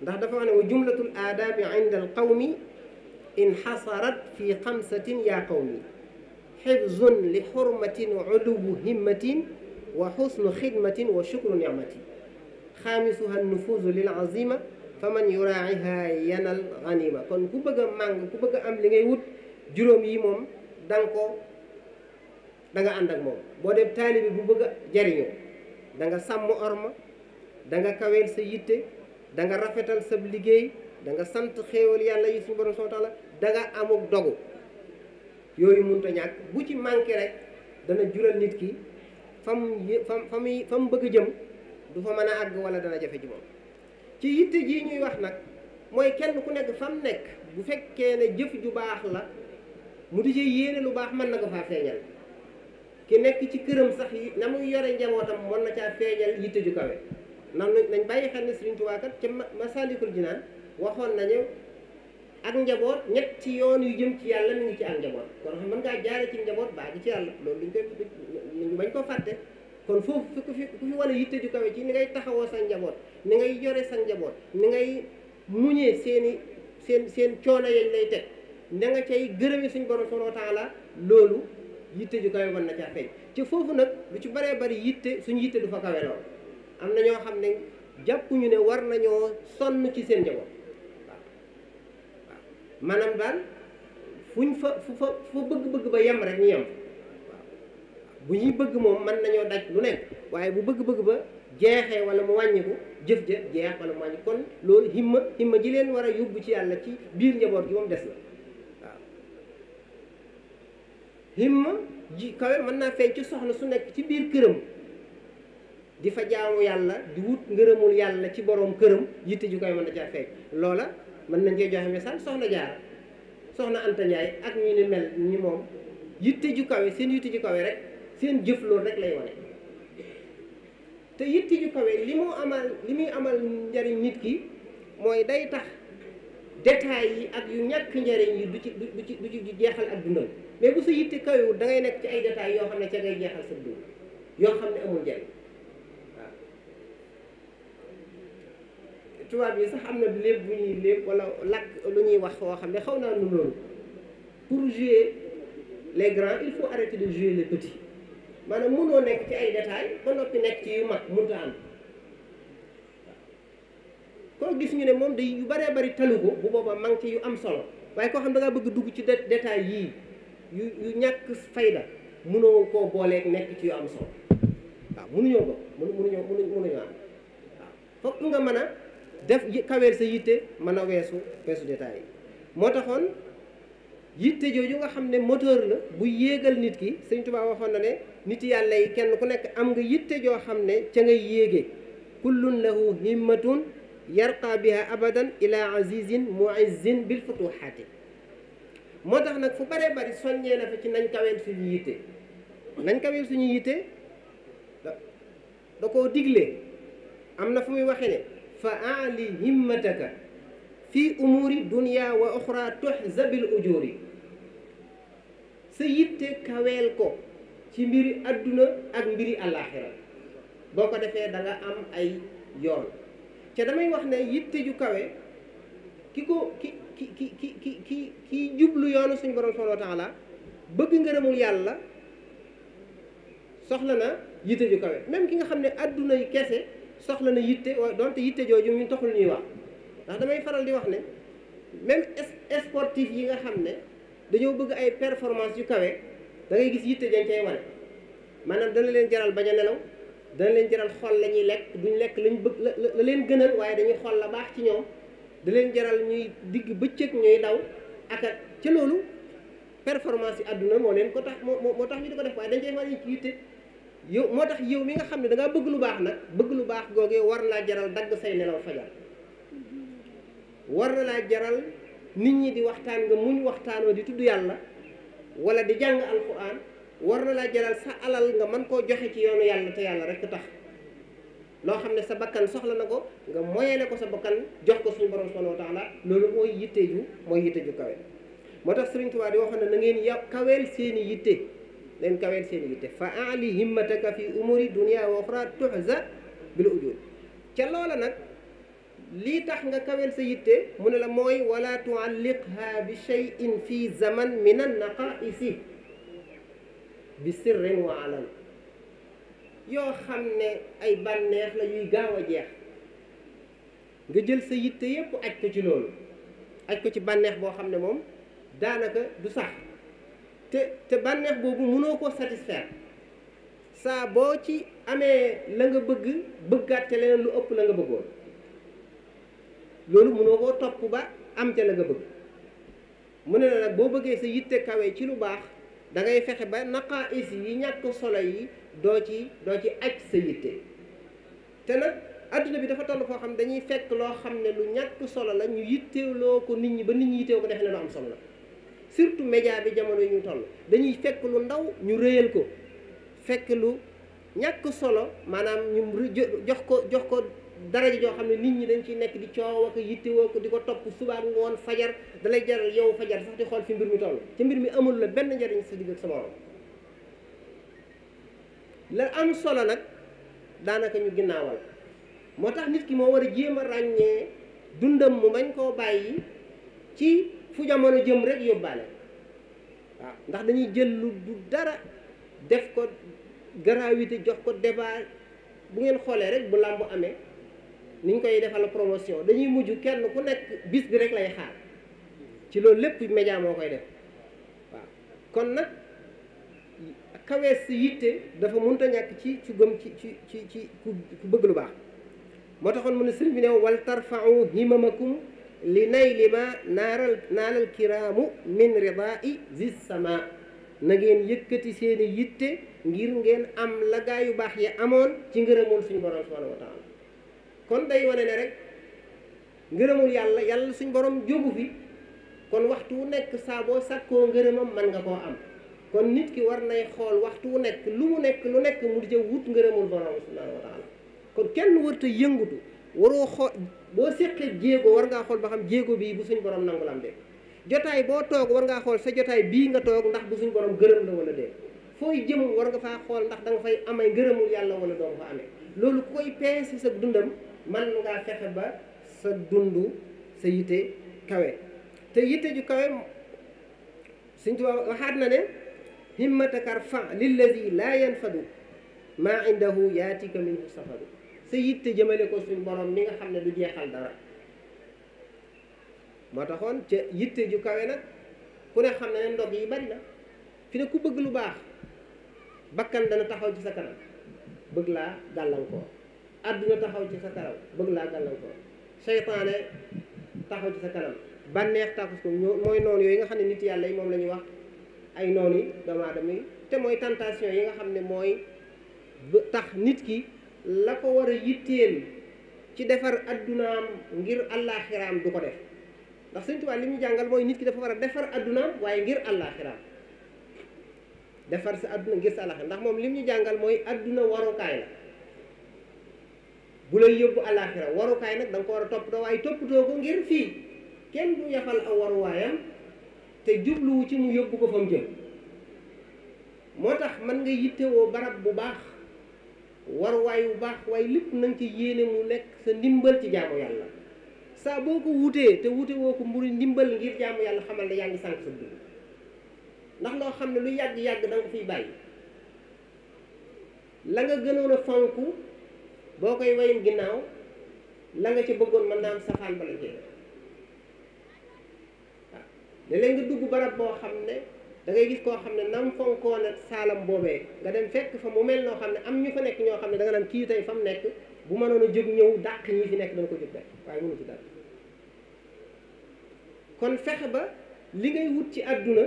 B: ndax dafa wax ne wa jumlatul aadaabi inda al qawmi inxasarat fi xamsatin yaa qawmi zone li xurmatin uluwu himmatin wa xusnu xidmatin wa shukru nicmati xaamisuha nufuusu lil azima fa man yuraaciha yanal ganima kon ku bëgg a màng ku bëgg am li ngay wut juróom yi moom da ko danga nga ànd ak moom boo dee taalibi bu bëgg a jariñoo danga sàmm orma danga nga kaweel sa yitte danga rafetal sa liggéey danga sant xéewal yàlla yi suñu borom subhaanahu wa taala da nga amuk dogu yooyu mënut ñàkk bu ci manqué rek dana jural nit ki fa mu fa fa muy fa mu bëgg jëm du fa mën a àgg wala dana jafe ji moom ci yitte jii ñuy wax nag mooy kenn ku nekk fa mu nekk bu fekkee ne jëf ju baax la mu di ci yéene lu baax mën na ko faa feeñal ki nekk ci këram sax yi na muy yore njabootam mën na caa feeñal yitte ju kawe nan nañ bàyyi xel ne Sëriñ Tuubaa kat ca Masaalikul naan waxoon nañu ak njaboot ñetti yoon yu jëm ci yàlla mi ngi ci ak njaboot kon mën ngaa jaare ci njaboot baa ci yàlla loolu ñu koy ñu bañ ko fàtte kon foofu ku fi ku fi wane yitte ju kawe ci ngay taxawoo sa njaboot ni ngay yore sa njaboot ni ngay muñee seen i seen seen coono yañ lay teg na nga cay gërëmi suñ borom subhanahu wa taala loolu yitte ju mën na caa ci foofu nag lu ci baree bari yitte suñ yitte du fa kawe lool am na ñoo xam ne jàppuñu ne war nañoo sonn ci seen njaboot maanaam daal fuñ fa fu fa fu bëgg-bëgg ba yem rek ñu yem bu ñuy bëgg moom mën nañoo daj lu nekk waaye bu bëgg-bëgg ba jeexee wala mu wàññiku jëf ja jeex wala mu wàññi kon loolu himma himma ji leen war a yóbbu ci yàlla ci biir njaboot gi moom des na waaw kawe mën naa feeñ ci soxna su nekk ci biir këram di fa jaamu yàlla di wut ngërëmul yàlla ci boroom këram yitte ju koy mën a caa feeñ loola mën nañ cee joxe misaal soxna Jaara soxna Anta Ndiaye ak ñu ni mel ñi moom yitte ju kawe seen yitte ju kawe rek seen jëf loolu rek lay wane te yitte ju kawe li mu amal li muy amal njariñ nit ki mooy day tax détails yi ak yu ñàkk njariñ yi du ci du ci du ci jeexal ak dundam mais bu sa yitte kawewul da ngay nekk ci ay détails yoo xam ne ca ngay jeexal sa dund yoo xam ne amul njariñ tubaab yi sax am na lépp bu ñuy lépp wala lu ñuy wax woo xam ne xaw naa nu loolu pour jouer les grands il faut arrêter de jouer les petits maanaam mënoo nekk ci ay détails ba noppi nekk ci yu mag mënta am koo gis ñu ne moom day yu baree bari talu ko bu boobaa man ci yu am solo waaye koo xam da ngaa bëgg dugg ci détails yii yu yu ñàkk fayda mënoo koo booleeg nekk ci yu am solo waaw mënuñoo ko mënu mënuñoo mënuñoo am fokk nga mën def kaweel sa yitte mën a weesu weesu détail yi moo taxoon yitte jooju nga xam ne moteur la bu yéegal nit ki Sëñ Tuubaa waxoon na ne nit yàlla yi kenn ku nekk am nga yitte joo xam ne ca ngay yéege kullun lahu himmatun yarqa biha abadan ila azizin muizzin bil futuhaati moo tax nag fu bare bari soññee na fa ci nañ kaweel suñu yitte nañ kaweel suñu yitte da koo digle am na fu muy waxe ne fa aali himmataka fi umuuri dunya wa oxra toxzabil ujuuri sa yitte kaweel ko ci mbiri àdduna ak mbiri àllaaxira boo ko defee danga am ay yoon ca damay wax ne yitte ju kawe ki ko ki ki ki ki ki ki jublu yoonu suñ borom subhaanahu wa taala bëgg ngërëmul yàlla soxla na yitte ju kawe même ki nga xam ne àdduna kese soxla na yitte waaye donte yitte jooju ñun taxul ñuy wax ndax damay faral di wax ne même sportif yi nga xam ne dañoo bëgg ay performance yu kawe da ngay gis yitte dañ cay wane maanaam dana leen jaral bañ a nelaw dana leen jaral xol la ñuy lekk duñ lekk lañ bëgg la leen gënal waaye dañuy xol la baax ci ñoom da leen jaral ñuy digg bëccëg ñuy ndaw ak ca loolu performance yi àdduna moo leen ko tax moo moo tax ñu di ko def waaye dañ cay wane ci yitte yow moo tax yow mi nga xam ne dangaa bëgg lu baax nag bëgg lu baax googee war naa jaral dagg say nelaw fajal war na laa jaral nit ñi di waxtaan nga muñ waxtaan wa di tudd yàlla wala di jàng alquran war na laa jaral sa alal nga man koo joxe ci yoonu yàlla te yàlla rek tax loo xam ne sa bakkan soxla na ko nga ne ko sa bakkan jox ko suñu borom subhanahu wa taala loolu mooy yitte ju mooy yitte ju kawe moo tax Sëriñ Tuubaa di waxoon ne na ngeen ya kaweel seeni yitte leen kaweel seen yitte fa aali himmataka fi umuri dunia wa oxra tuxza bil ujur ca loola nag lii tax nga kaweel sa yitte mu ne la mooy wala tualliqha bi cheyin fi zaman min annaqaisi bi sirrin wa alan yoo xam ne ay bànneex la yuy gaaw a jeex nga jël sa yitte yépp aj ko ci loolu aj ko ci bànneex boo xam ne moom daanaka du sax te te bànneex boobu mënoo koo satisfaire saa boo ci amee la nga bëgg bëggaat ca leneen lu ëpp la nga bëggoon loolu mënoo koo topp ba am ca la nga bëgg mu ne la nag boo bëggee sa yitte kawe ci lu baax da ngay fexe ba naqaa is yi ñàkk solo yi doo ci doo ci aj sa yitte te nag adduna bi dafa toll foo xam dañuy fekk loo xam ne lu ñàkk solo la ñu yitteeloo ko nit ñi ba nit ñi yitteew ko defe ne lu am solo la surtout média bi jamono yi ñu toll dañuy fekk lu ndaw ñu rëyal ko fekk lu ñàkk solo maanaam ñu jox ko jox ko daraja joo xam ne nit ñi dañ ciy nekk di coow ak yittewoo ko di ko topp subaa woon fajar dalay jaral yow fajar sax di xool fi mbir mi toll ci mbir mi amul la benn njariñ sa digg sa borom la am solo nag daanaka ñu ginnaawal moo tax nit ki moo war a jéem a ràññee dundam mu bañ koo bàyyi ci fu jamono jëm rek yóbbaale waaw ndax dañuy jël lu du dara def ko gravité jox ko débat bu ngeen xoolee rek bu làmb amee niñ koy defal promotion dañuy mujj kenn ku nekk bis bi rek lay xaar ci loolu lépp média moo koy def waaw kon nag kawees si yitte dafa mënta ñàkk ci ci gëm ci ci ci ci ku bëgg lu baax moo taxoon mu ne sëriñ bi ne wal tarfa'u himamakum li nayli ma naaral naalal kiraamu min ridaai zi sama na ngeen yëkkati seeni yitte ngir ngeen am la gaa yu baax yi amoon ci ngërëmul suñ borom subhanahu wa kon day wane ne rek ngërëmul yàlla yàlla suñ borom jógu fi kon waxtu wu nekk saa boo sàkkoo ngërëmam man nga koo am kon nit ki war nay xool waxtu wu nekk lu mu nekk lu nekk mu di ca wut ngërëmul borom subhanahu wa taala kon kenn wërta yëngutu waroo xool boo séqee jéego war ngaa xool ba xam jéego bii bu suñ borom nangu la am de jotaay boo toog war ngaa xool sa jotaay bii nga toog ndax bu suñ borom gërëm la wala dee fooy jëm war nga faa xool ndax da fay amee ngërëmul yàlla wala doo ko fa amee loolu koy peese sa dundam man ngaa fexe ba sa dund sa yitte kawe te yitte ju kawe suñ tubaab waxaat na ne himmatakar fa lillazi laa yanfadu maa indahu yaatika minhu safadu sa yitte jëmale ko suñu borom mi nga xam ne du jeexal dara moo taxoon ca yitte ju kawe nag ku ne xam ne ndog yi bari na fi ne ku bëgg lu baax bakkan dana taxaw ci sa kanam bëgg laa gàllankoor àdduna taxaw ci sa kanam bëgg laa gàllankoor seytaane taxaw ci sa kanam bànneex taxaw ko mooy noonu yooyu nga xam ne nit yàlla yi moom la ñuy wax ay noonu yi doomu aadama yi te mooy tentation yi nga xam ne mooy tax nit ki la ko war a yitteel ci defar addunaam ngir àllaaxiraam du ko def ndax Sëñ Tuubaa li mu jàngal mooy nit ki dafa war a defar addunaam waaye ngir àllaaxiraam defar si adduna ngir sa àllaaxiraam ndax moom lim ñu jàngal mooy àdduna warukaay la bu lay yóbbu àllaaxira warukaay nag da ko war a toppatoo waaye toppatoo ko ngir fii kenn du yafal aw waruwaayam te jubluwu ci mu yóbbu ko fa mu jëm moo tax mën nga yittewoo barab bu baax waruwaay wu baax waaye lépp na ci yéene mu nekk sa ndimbal ci jaamu yàlla saa boo ko wutee te wute woo ko mburu ndimbal ngir jaamu yàlla xamal ne yaa ngi sànq ndax loo xam ne lu yàgg-yàgg da nga ko fiy bàyyi la nga gënoon a fonk boo koy wayin ginnaaw la nga ci bëggoon mën naan am ba bala jee waaw léeg-léeg nga dugg barab boo xam ne dangay gis koo xam ne nam fonkoon ne saalam boobee nga dem fekk fa mu mel noo xam ne am ñu fa nekk ñoo xam ne da nga naan kii tey fa mu nekk bu mënoon a jóg ñëw dàq ñu fi nekk dana ko jóg def waaye mënu ci dara kon fexe ba li ngay wut ci àdduna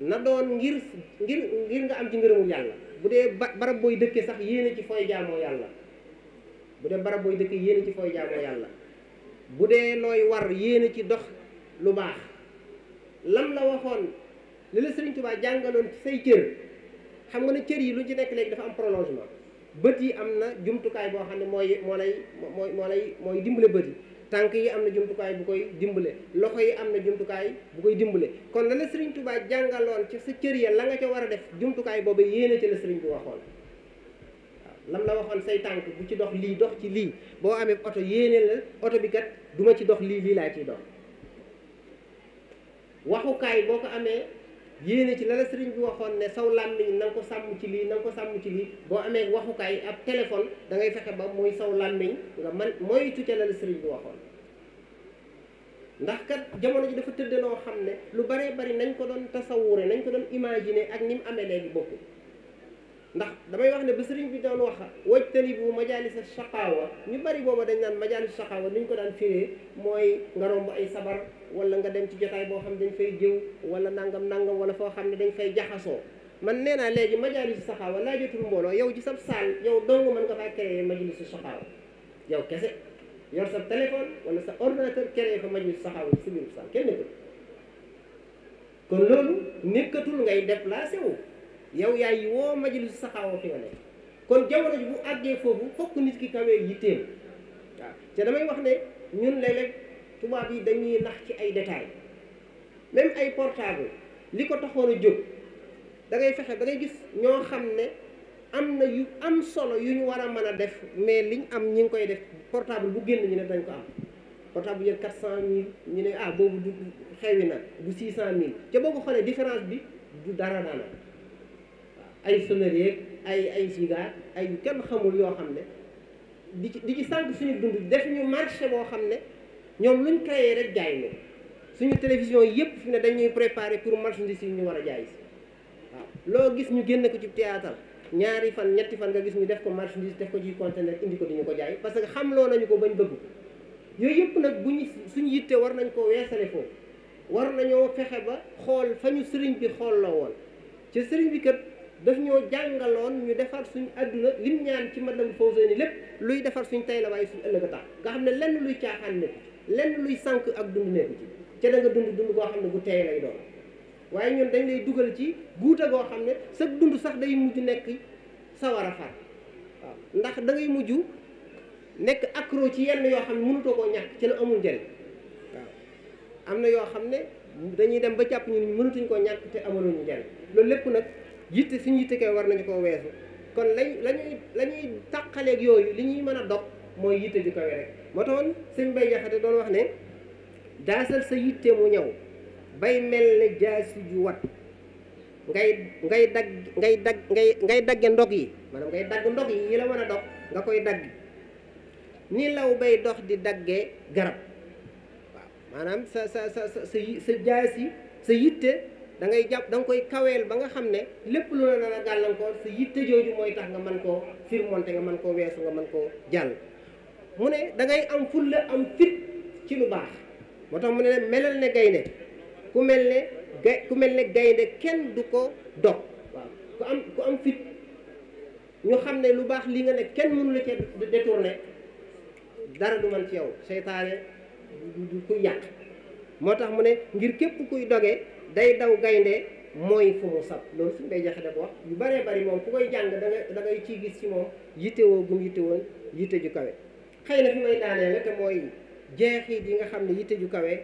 B: na doon ngir ngir nga am ci ngërëmul yàlla bu dee barab booy dëkkee sax yéene ci fooy jaamoo yàlla bu dee barab booy dëkkee yéene ci fooy jaamoo yàlla bu dee looy war yéene ci dox lu baax lam la li la Sëriñ Tuubaa jàngaloon ci say cër xam ne cër yi lu ci nekk léegi dafa am prolongement bët yi am na jumtukaay boo xam ne mooy moo lay mooy moo lay mooy dimbale bët yi tànk yi am na jumtukaay bu koy dimbale loxo yi am na jumtukaay bu koy dimbale kon la la Sëriñ tubaa jàngaloon ci sa cër ya la nga ca war a def jumtukaay boobu yéene ci la Sëriñ bi waxoon lam la waxoon say tànk bu ci dox lii dox ci lii boo amee oto yéene la oto bi kat duma ci dox lii lii laa ciy dox waxukaay boo ko amee yéene ci la la sëriñ bi waxoon ne saw làmmiñ na nga ko sàmm ci lii na ko sàmm ci lii boo amee waxukaay ab téléphone da ngay fexe ba muy saw làmmiñ nga man mooy tucca la la sëriñ bi waxoon ndax kat jamono ji dafa tëdd noo xam ne lu baree bari nañ ko doon tasawure nañ ko doon imaginer ak ni mu amee léegi bokku ndax damay wax ne ba sëriñ bi doon wax wajtani bu majalisa shaqaawa ñu bari booba dañ naan majalis shaqaawa ni ñu ko daan firee mooy nga ay sabar wala nga dem ci jotaay boo xam ne dañ fay jëw wala nàngam nangam wala foo xam ne dañ fay jaxasoo man nee naa léegi majalisu saxaawa laajatul mbooloo yow ci sab saal yow dong mën nga faa créer majalisu saxaawa yow kese yor sa téléphone wala sa ordinateur créer fa majalisu saxaawa si biir saal kenn nekkul kon loolu nekkatul ngay déplacé wu yow yaay woo majalisu saxaawa fi nga nekk kon jamono ji bu àggee foofu fokk nit ki kawee yitteem waaw te damay wax ne ñun léeg-léeg tubaab yi dañuy nax ci ay détails même ay portable li ko taxoon a jóg da ngay fexe da ngay gis ñoo xam ne am na yu am solo yu ñu war a mën a def mais liñ am ñi ngi koy def portable bu génn ñu ne dañ ko am portable bu jël quatre cent mille ñu ne ah boobu du xewi na bu six cent mille te boo ko xoolee différence bi du dara daana waaw ay sonnerie ay ay cigare ay kenn xamul yoo xam ne di ci di ci sànq suñu dund def ñu marché boo xam ne ñoom luñ créé rek jaay ne suñu télévision yëpp fi ne dañuy préparé pour marchandise yi ñu war a jaay si waaw loo gis ñu génn ko ci théâtre ñaari fan ñetti fan nga gis ñu def ko marchandise def ko ci conteneur indi ko di ko jaay parce que xamloo nañu ko bañ bëgg yooyu yëpp nag bu ñu suñu yittee war nañ ko weesale foofu war nañoo fexe ba xool fa ñu sëriñ bi xool la woon ci sëriñ bi kat daf ñoo jàngaloon ñu defar suñu àdduna lim ñaan ci madame Fawzeyni lépp luy defar suñ tey la waaye suñu ëllëg a nga xam ne lenn luy caaxaan nekk lenn luy sànq ak dund nekku ci ca da dund dund goo xam ne bu tey lay doon waaye ñun dañ lay dugal ci guuta goo xam ne sa dund sax day mujj nekk sawara far waaw ndax dangay mujj nekk accro ci yenn yoo xam ne mënutoo koo ñàkk ci la amul njëriñ am na yoo xam ne dañuy dem ba jàpp ñu mënatuñ koo ñàkk te amaluñu njëriñ loolu lépp nag yitte suñu yitte kay war nañu koo weesu kon lañ lañuy la ñuy tàqaleeg yooyu li ñuy mën a dog mooy yitte di koy rek moo taxoon sëñ Bay Jaxate doon wax ne daasal sa yitte mu ñëw bay mel ne jaasi ju wat ngay ngay dagg ngay dagg ngay ngay dagge ndog yi maanaam ngay dagg ndog yi yi la mën a dog nga koy dagg ni law bay dox di dagge garab waaw maanaam sa sa sa sa sa jaasi sa yitte dangay jàpp da koy kaweel ba nga xam ne lépp lu la nar a gàllankoor sa yitte jooju mooy tax nga mën koo surmonter nga mën koo weesu nga mën koo jàll mu ne da ngay am la am fit ci lu baax moo tax mu ne melal ne gaynde ku mel ne ku mel ne gaynde kenn du ko dog waaw ku am ku am fit ñu xam ne lu baax li nga ne kenn mënu la ca ne dara du man ci yow seytaane ku kuy moo tax mu ne ngir képp kuy doge day daw gaynde mooy fu mu sab loolu suñ bay jaxe da ko wax yu bëree bari moom ku koy jàng da dangay ci gis ci moom yittewoo gum woon yitte ju kawe xëy na fi may daanee la mooy jeexit yi nga xam ne yitte ju kawee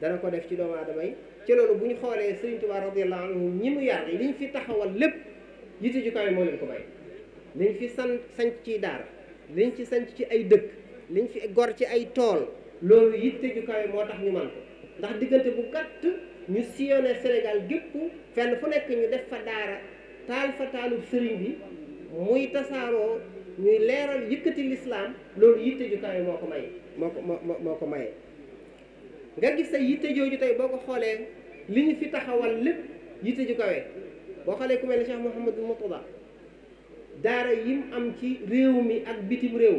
B: dana ko def ci doomu aadama yi ci loolu bu ñu xoolee Sëriñ Tuubaa radiyallaahu anhu ñi mu yar yi liñ fi taxawal lépp yitte ju kawe moo leen ko bay liñ fi san sanc ci daara liñ ci sanc ci ay dëkk liñ fi gor ci ay tool loolu yitte ju kawe moo tax ñu man ko ndax diggante bu gàtt ñu sillonné Sénégal gépp fenn fu nekk ñu def fa daara taal fa taalub sëriñ bi muy tasaaroo ñuy leeral yëkkati lislaam loolu yitte ju kawe moo ko maye moo ko moo moo ko maye nga gis say yitte jooju tey boo ko xoolee li ñu fi taxawal lépp yitte ju kawe boo xoolee ku mel ne Cheikh Mouhamadou Mourtada yi mu am ci réew mi ak bitim réew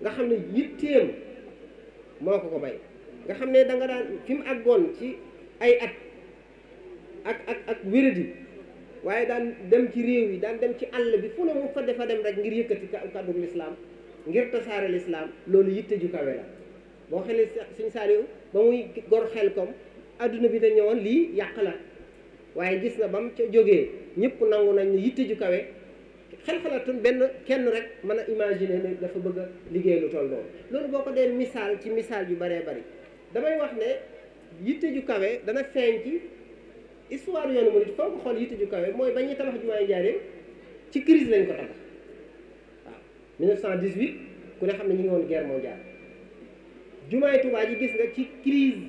B: nga xam ne yitteem moo ko ko bay nga xam ne danga nga daan fi àggoon ci ay at ak ak ak wéradi waaye daan dem ci réew yi daan dem ci àll bi fu ne mu fa defa dem rek ngir yëkkati kàddu lislaam ngir tasaare lislaam loolu yitte ju kawe la boo xele suñ Saaliw ba muy gor xel kom àdduna bi da ñëwoon lii yàq la waaye gis na bam ca jógee ñëpp nangu nañ ne yitte ju kawe xel xalaatun benn kenn rek mën a imagine ne dafa bëgg a liggéey lu toll noonu loolu boo ko dee misaal ci misaal yu baree bari damay wax ne yitte ju kawe dana feeñ ci histoire yoonu murid foo ko xool yitte ju kawe mooy ba ñuy tabax jumaay Njaaréem ci crise lañ ko tabax waaw 1918 ku ne xam ne ñu ngi woon guerre mondiale jumaay Tuubaa ji gis nga ci crise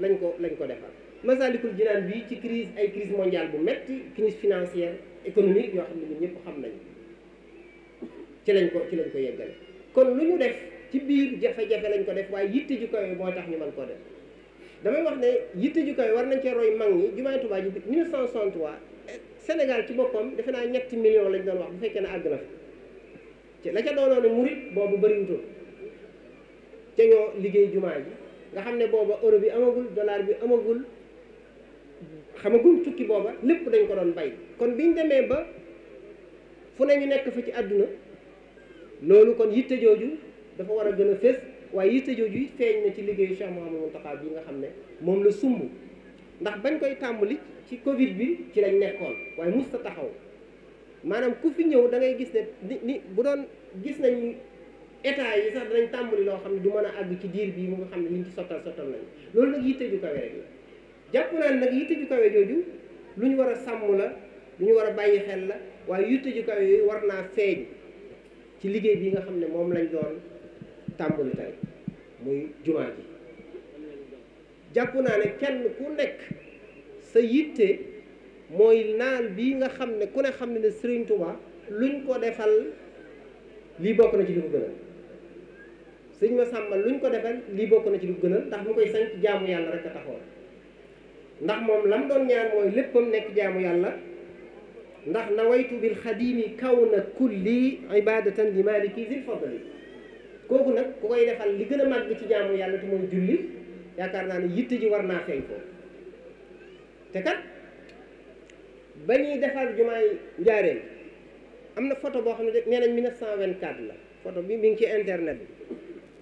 B: lañ ko lañ ko defal Masaalikul Jinaan bii ci crise ay crise mondiale bu metti crise financière économique ñoo xam ne ñun ñëpp xam nañ ci lañ ko ci lañ ko yeggale kon lu ñu def ci biir jafe-jafe lañ ko def waaye yitte ju kawe moo tax ñu mën koo def damay wax ne yitte ju kawe war nañ cee roy mag ñi jumaay Tuubaa ji 1963 eh, ci boppam defe naa ñetti million lañ doon wax bu fekkee ne àgg na fi ci la ca doonoon ne murit boobu bëriwutoon ca ñoo liggéey jumaa ji nga xam ne booba euro bi amagul dollar bi amagul xamagul tukki booba lépp dañ ko doon bay kon biñ demee ba fu ne ñu nekk fa ci àdduna loolu kon yitte jooju dafa war a gën a fés waaye yitte jooju it feeñ na ci liggéeyu Cheikh Mouhamadou Mountakha bi nga xam ne moom la sumb bañ koy tàmbali ci Covid bi ci lañ nekkoon waaye musta taxaw maanaam ku fi ñëw da gis ne ni bu doon gis nañ état yi sax danañ tàmbali loo xam ne du mën a àgg ci diir bii mu nga xam ne liñ ci sottal sottal nañ loolu nag yitte ju kawe rek la jàpp naa nag yitte ju kawe lu ñu war a sàmm la lu war a bàyyi xel la waaye yitte ju war naa feeñ ci liggéey bi nga xam ne moom lañ doon tàmbali tey muy jumaa ji jàpp naa ne kenn ku nekk sa yitte mooy naal bii nga xam ne ku ne xam ne ne Serigne Touba luñ ko defal lii bokk na ci li ko gënal sëñ ma sàmba luñ ko defal lii bokk na ci li ko gënal ndax mu koy sanc jaamu yàlla rek a taxoon ndax moom lam doon ñaan mooy léppam nekk jaamu yàlla ndax na nawaytu bil xadimi kaw na kulli ibadatan li maliki zil fadli kooku nag ku koy defal li gën a mag ci jaamu yàlla te mooy julli yaakaar naa ne yitte ji war naa feeñ koo te kat ba ñuy defar jumaay njaareem am na photo boo xam ne nee nañ 1924 la photo bi mi ngi ci internet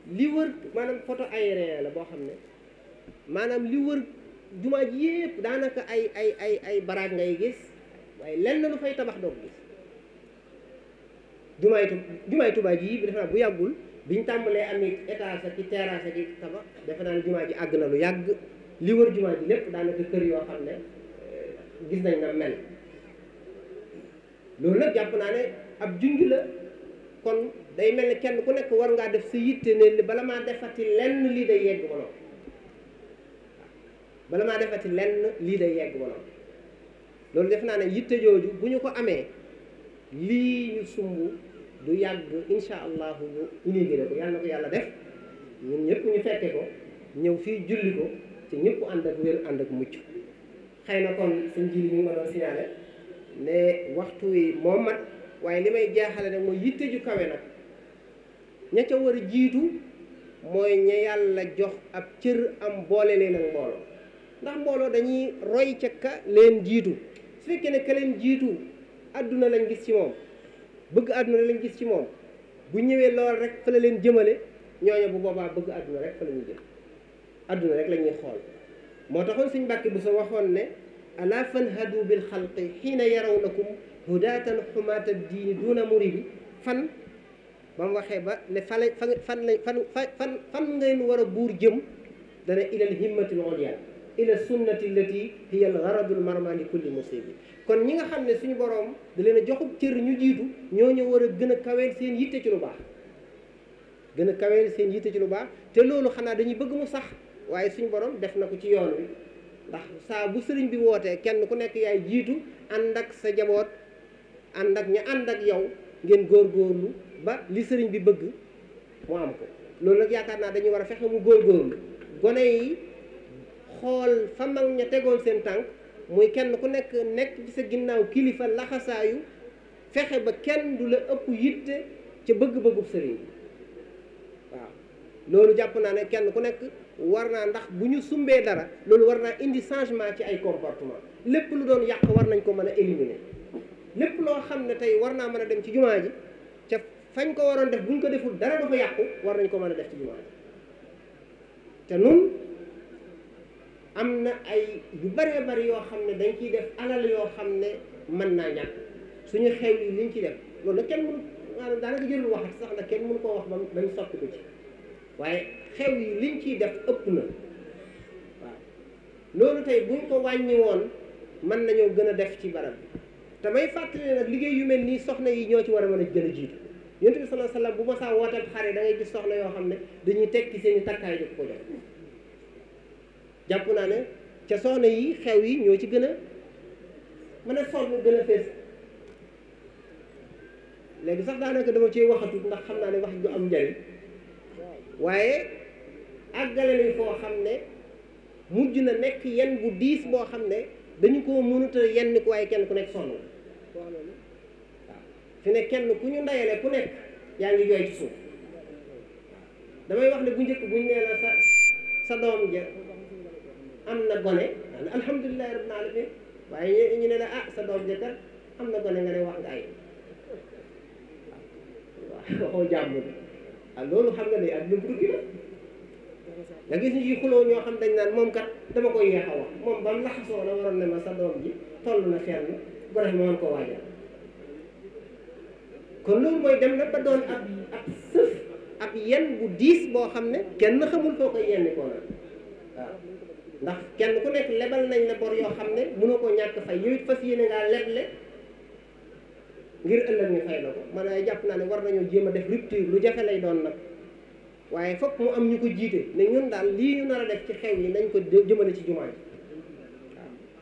B: bi li wër maanaam photo aérien la boo xam ne maanaam li wër jumaa ji yëpp daanaka ay ay ay ay baraag ngay gis waaye lenn lu fay tabax doog gis jumaay tu jumaay Tuubaa ji bi defe naa bu yàggul biñ tàmbalee am étage sa ki terrasse di tabax defe naa ne jumaa ji àgg na lu yàgg li wër jumaa ji lépp daanaka kër yoo xam ne euh, gis nañ na mel loolu nag jàpp naa ne ab junj la kon day mel ni kenn ku nekk war ngaa def sa yitte ne li bala maa defati lenn lii day yegg ba noppi bala maa defati lenn lii day yegg ba noppi loolu def naa ne yitte jooju bu ñu ko amee lii ñu sumb du yàgg incha allahu ñu inauguré ko yàlla na ko yàlla def ñun ñëpp ñu fekke ko ñëw fii julli ko te ñëpp ànd ak wér ànd ak mucc xëy na kon suñ ji li ñu ma doon signalé ne waxtu yi moo man waaye li may jaaxale nag mooy yitte ju kawe nag ña ca war a jiitu mooy ña yàlla jox ab cër am boole leen ak mbooloo ndax mbooloo dañuy roy ca ka leen jiitu su na ne ka leen jiitu àdduna lañ gis ci moom bëgg àdduna lañ gis ci moom bu ñëwee lool rek fa la leen jëmale ñooñu bu boobaa bëgg àdduna rek fa la ñuy jëm àdduna rek la ñuy xool moo taxoon suñ mbàkki bu sa waxoon ne ala fanhadu bil xalqi xiina yaraw lakum hudaatan xumaata diini duuna muridi fan ba mu waxee ba ne fa la fan fan fan fan ngeen war a buur jëm dana ilal himmatil ulya ila sunnati lati hiya al gharadul marma li kulli musibi kon ñi nga xam ne suñu boroom da leen a joxub cër ñu jiitu ñoo ñooñu war a gën a kaweel seen yitte ci lu baax gën a kaweel seen yitte ci lu baax te loolu xanaa dañuy bëgg mu sax waaye suñu boroom def na ko ci yoon wi ndax saa bu sëriñ bi wootee kenn ku nekk yaay jiitu ànd ak sa jaboot ànd ak ña ànd ak yow ngeen góor góorgóorlu ba li sëriñ bi bëgg mu am ko loolu nag yaakaar naa dañuy war a fexe mu góor gone xool fa ña tegoon seen tànk muy kenn ku nekk nekk ci sa ginnaaw kilifa laxasaayu fexe ba kenn du la ëpp yitte ca bëgg-bëggub sëriñ bi waaw loolu jàpp naa ne kenn ku nekk war naa ndax bu ñu sumbee dara loolu war naa indi changement ci ay comportement lépp lu doon yàq war nañ ko mën a éliminer lépp loo xam ne tey war naa mën a dem ci jumaa ji ca fañ ko waroon def buñ ko deful dara dafa yàqu war nañ ko mën a def ci jumaa ji te nun am na ay yu baree bëri yoo xam ne dañ ciy def alal yoo xam ne mën naa ñàkk suñu xew yi liñ ciy def loolu nag kenn mënu maanaam daanaka jërul wax sax nag kenn mënu koo wax ba ba mu soppi ci waaye xew yi liñ ciy def ëpp na waaw loolu tey buñ ko woon mën nañoo gën a def ci barab bi te may fàttali ne nag yu mel nii soxna yi ñoo ci war a mën a gën a jiitu yonent bi sallallahu alayhi wasallam bu ma saa wooteel xare da ngay gis soxna yoo xam ne dañuy ci seen i takkaay jox ko jox jàpp naa ne ca soxna yi xew yi ñoo ci gën a mën a sonn gën a fees léegi sax daanaka dama ciy waxatut ndax xam naa ne wax ju am njariñ waaye àggale nañ foo xam ne mujj na nekk yenn bu diis boo xam ne dañu ko mënut a yenn ko waaye kenn ku nekk sonn fi ne kenn ku ñu ndayale ku nekk yaa jooy ci suuf damay wax ne bu njëkk buñ nee la sa sa doom ja am na gone daana alhamdulilahi rabbil alamin waaye ñu ne la ah sa doom jëkkër am na gone nga ne wax nga ay waaw waxoo jàmm ah loolu xam nga ne àdduna bu dugg la nga gis ñu ci xuloo ñoo xam dañ naan moom kat dama koy yéex moom ba laxasoo la waroon ne ma sa doom ji toll na fenn bu rafet ma war ko waajal kon loolu mooy dem na ba doon ab ab sëf ab yenn bu diis boo xam ne kenn xamul foo koy yenni koo waaw ndax kenn ku nekk lebal nañ ne bor yoo xam ne mënoo koo ñàkk fay yow it fas yéene ngaa leble ngir ëllëg ñu fay na ko man ay jàpp naa ne war nañoo jéem a def rupture lu jafe lay doon nag waaye fokk mu am ñu ko jiite ne ñun daal lii ñu nar a def ci xew yi nañ ko jëmale ci jumaa ji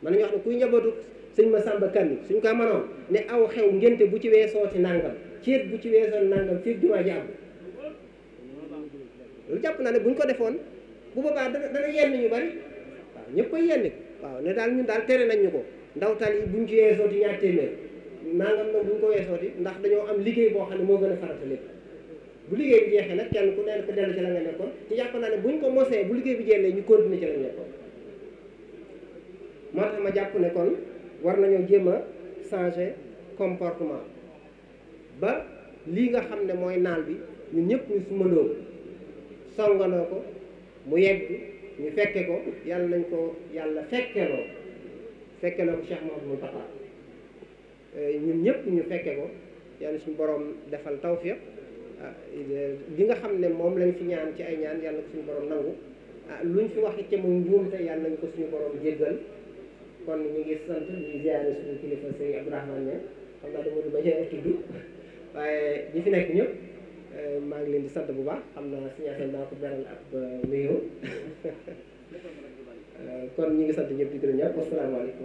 B: man nañu wax ne kuy njabootu sëñ ma sàmba kan suñ ko mënoon ne aw xew ngénte bu ci weesooti nàngam ceet bu ci weesooti nàngam fii jumaa ji am lu jàpp naa ne buñ ko defoon bu boobaa dana dana yenn ñu bari ñëpp koy waaw ne daal ñun daal tere nañ ñu ko ndawtal yi buñ ci weesooti ñaar téeméer nangam nag buñ ko yi ndax dañoo am liggéey boo xam ne moo gën a farata lépp bu liggéey bi jeexee nag kenn ku neen ko dellu la nga nekkoon ci yàpp ne ko mosee bu liggéey bi jeexee ñu continuer ci la nga nekkoon moo tax ma jàpp ne kon war nañoo jéem a changer comportement ba lii nga xam ne mooy naal bi ñun ñëpp ñu sumandoo songandoo ko mu yegg ñu fekke ko yàlla nañ ko yàlla fekkeloo fekkeloo ko Cheikh Mouhamadou Mountakha euh, ñun ñëpp ñu fekke ko yàlla suñu borom defal tawfiq ah, li nga xam ne moom lañ fi ñaan ci ay ñaan yàlla ko suñu borom nangu ah luñ fi wax ci mu njuumte yàlla nañ ko suñu borom jéggal kon ñu ngi sant di ziare suñu kilifa sëñ Abdourahmane ne xam naa dama du bañ a waaye ñi fi nekk ñëpp Euh, maa ngi leen di sant bu euh, euh, kon ñu ngi sant ñëpp di gërëm ñëpp asalaamaaleykum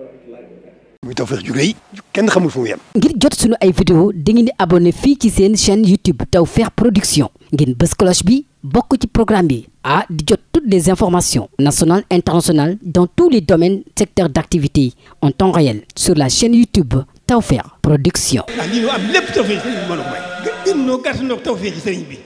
A: ngir jot suñu ay vidéo dangeen di abonné fii ci seen chaîne YouTube Tawfekh Production ngeen bës cloche bi bokk ci programme bi ah di jot toutes des informations national internationales dans tous les domaines secteurs d'activité en temps réel sur la chaîne YouTube Tawfekh Production. am lépp tawfeex sëriñ bi mën a may. gën noo gàtt noo tawfeex sëriñ bi.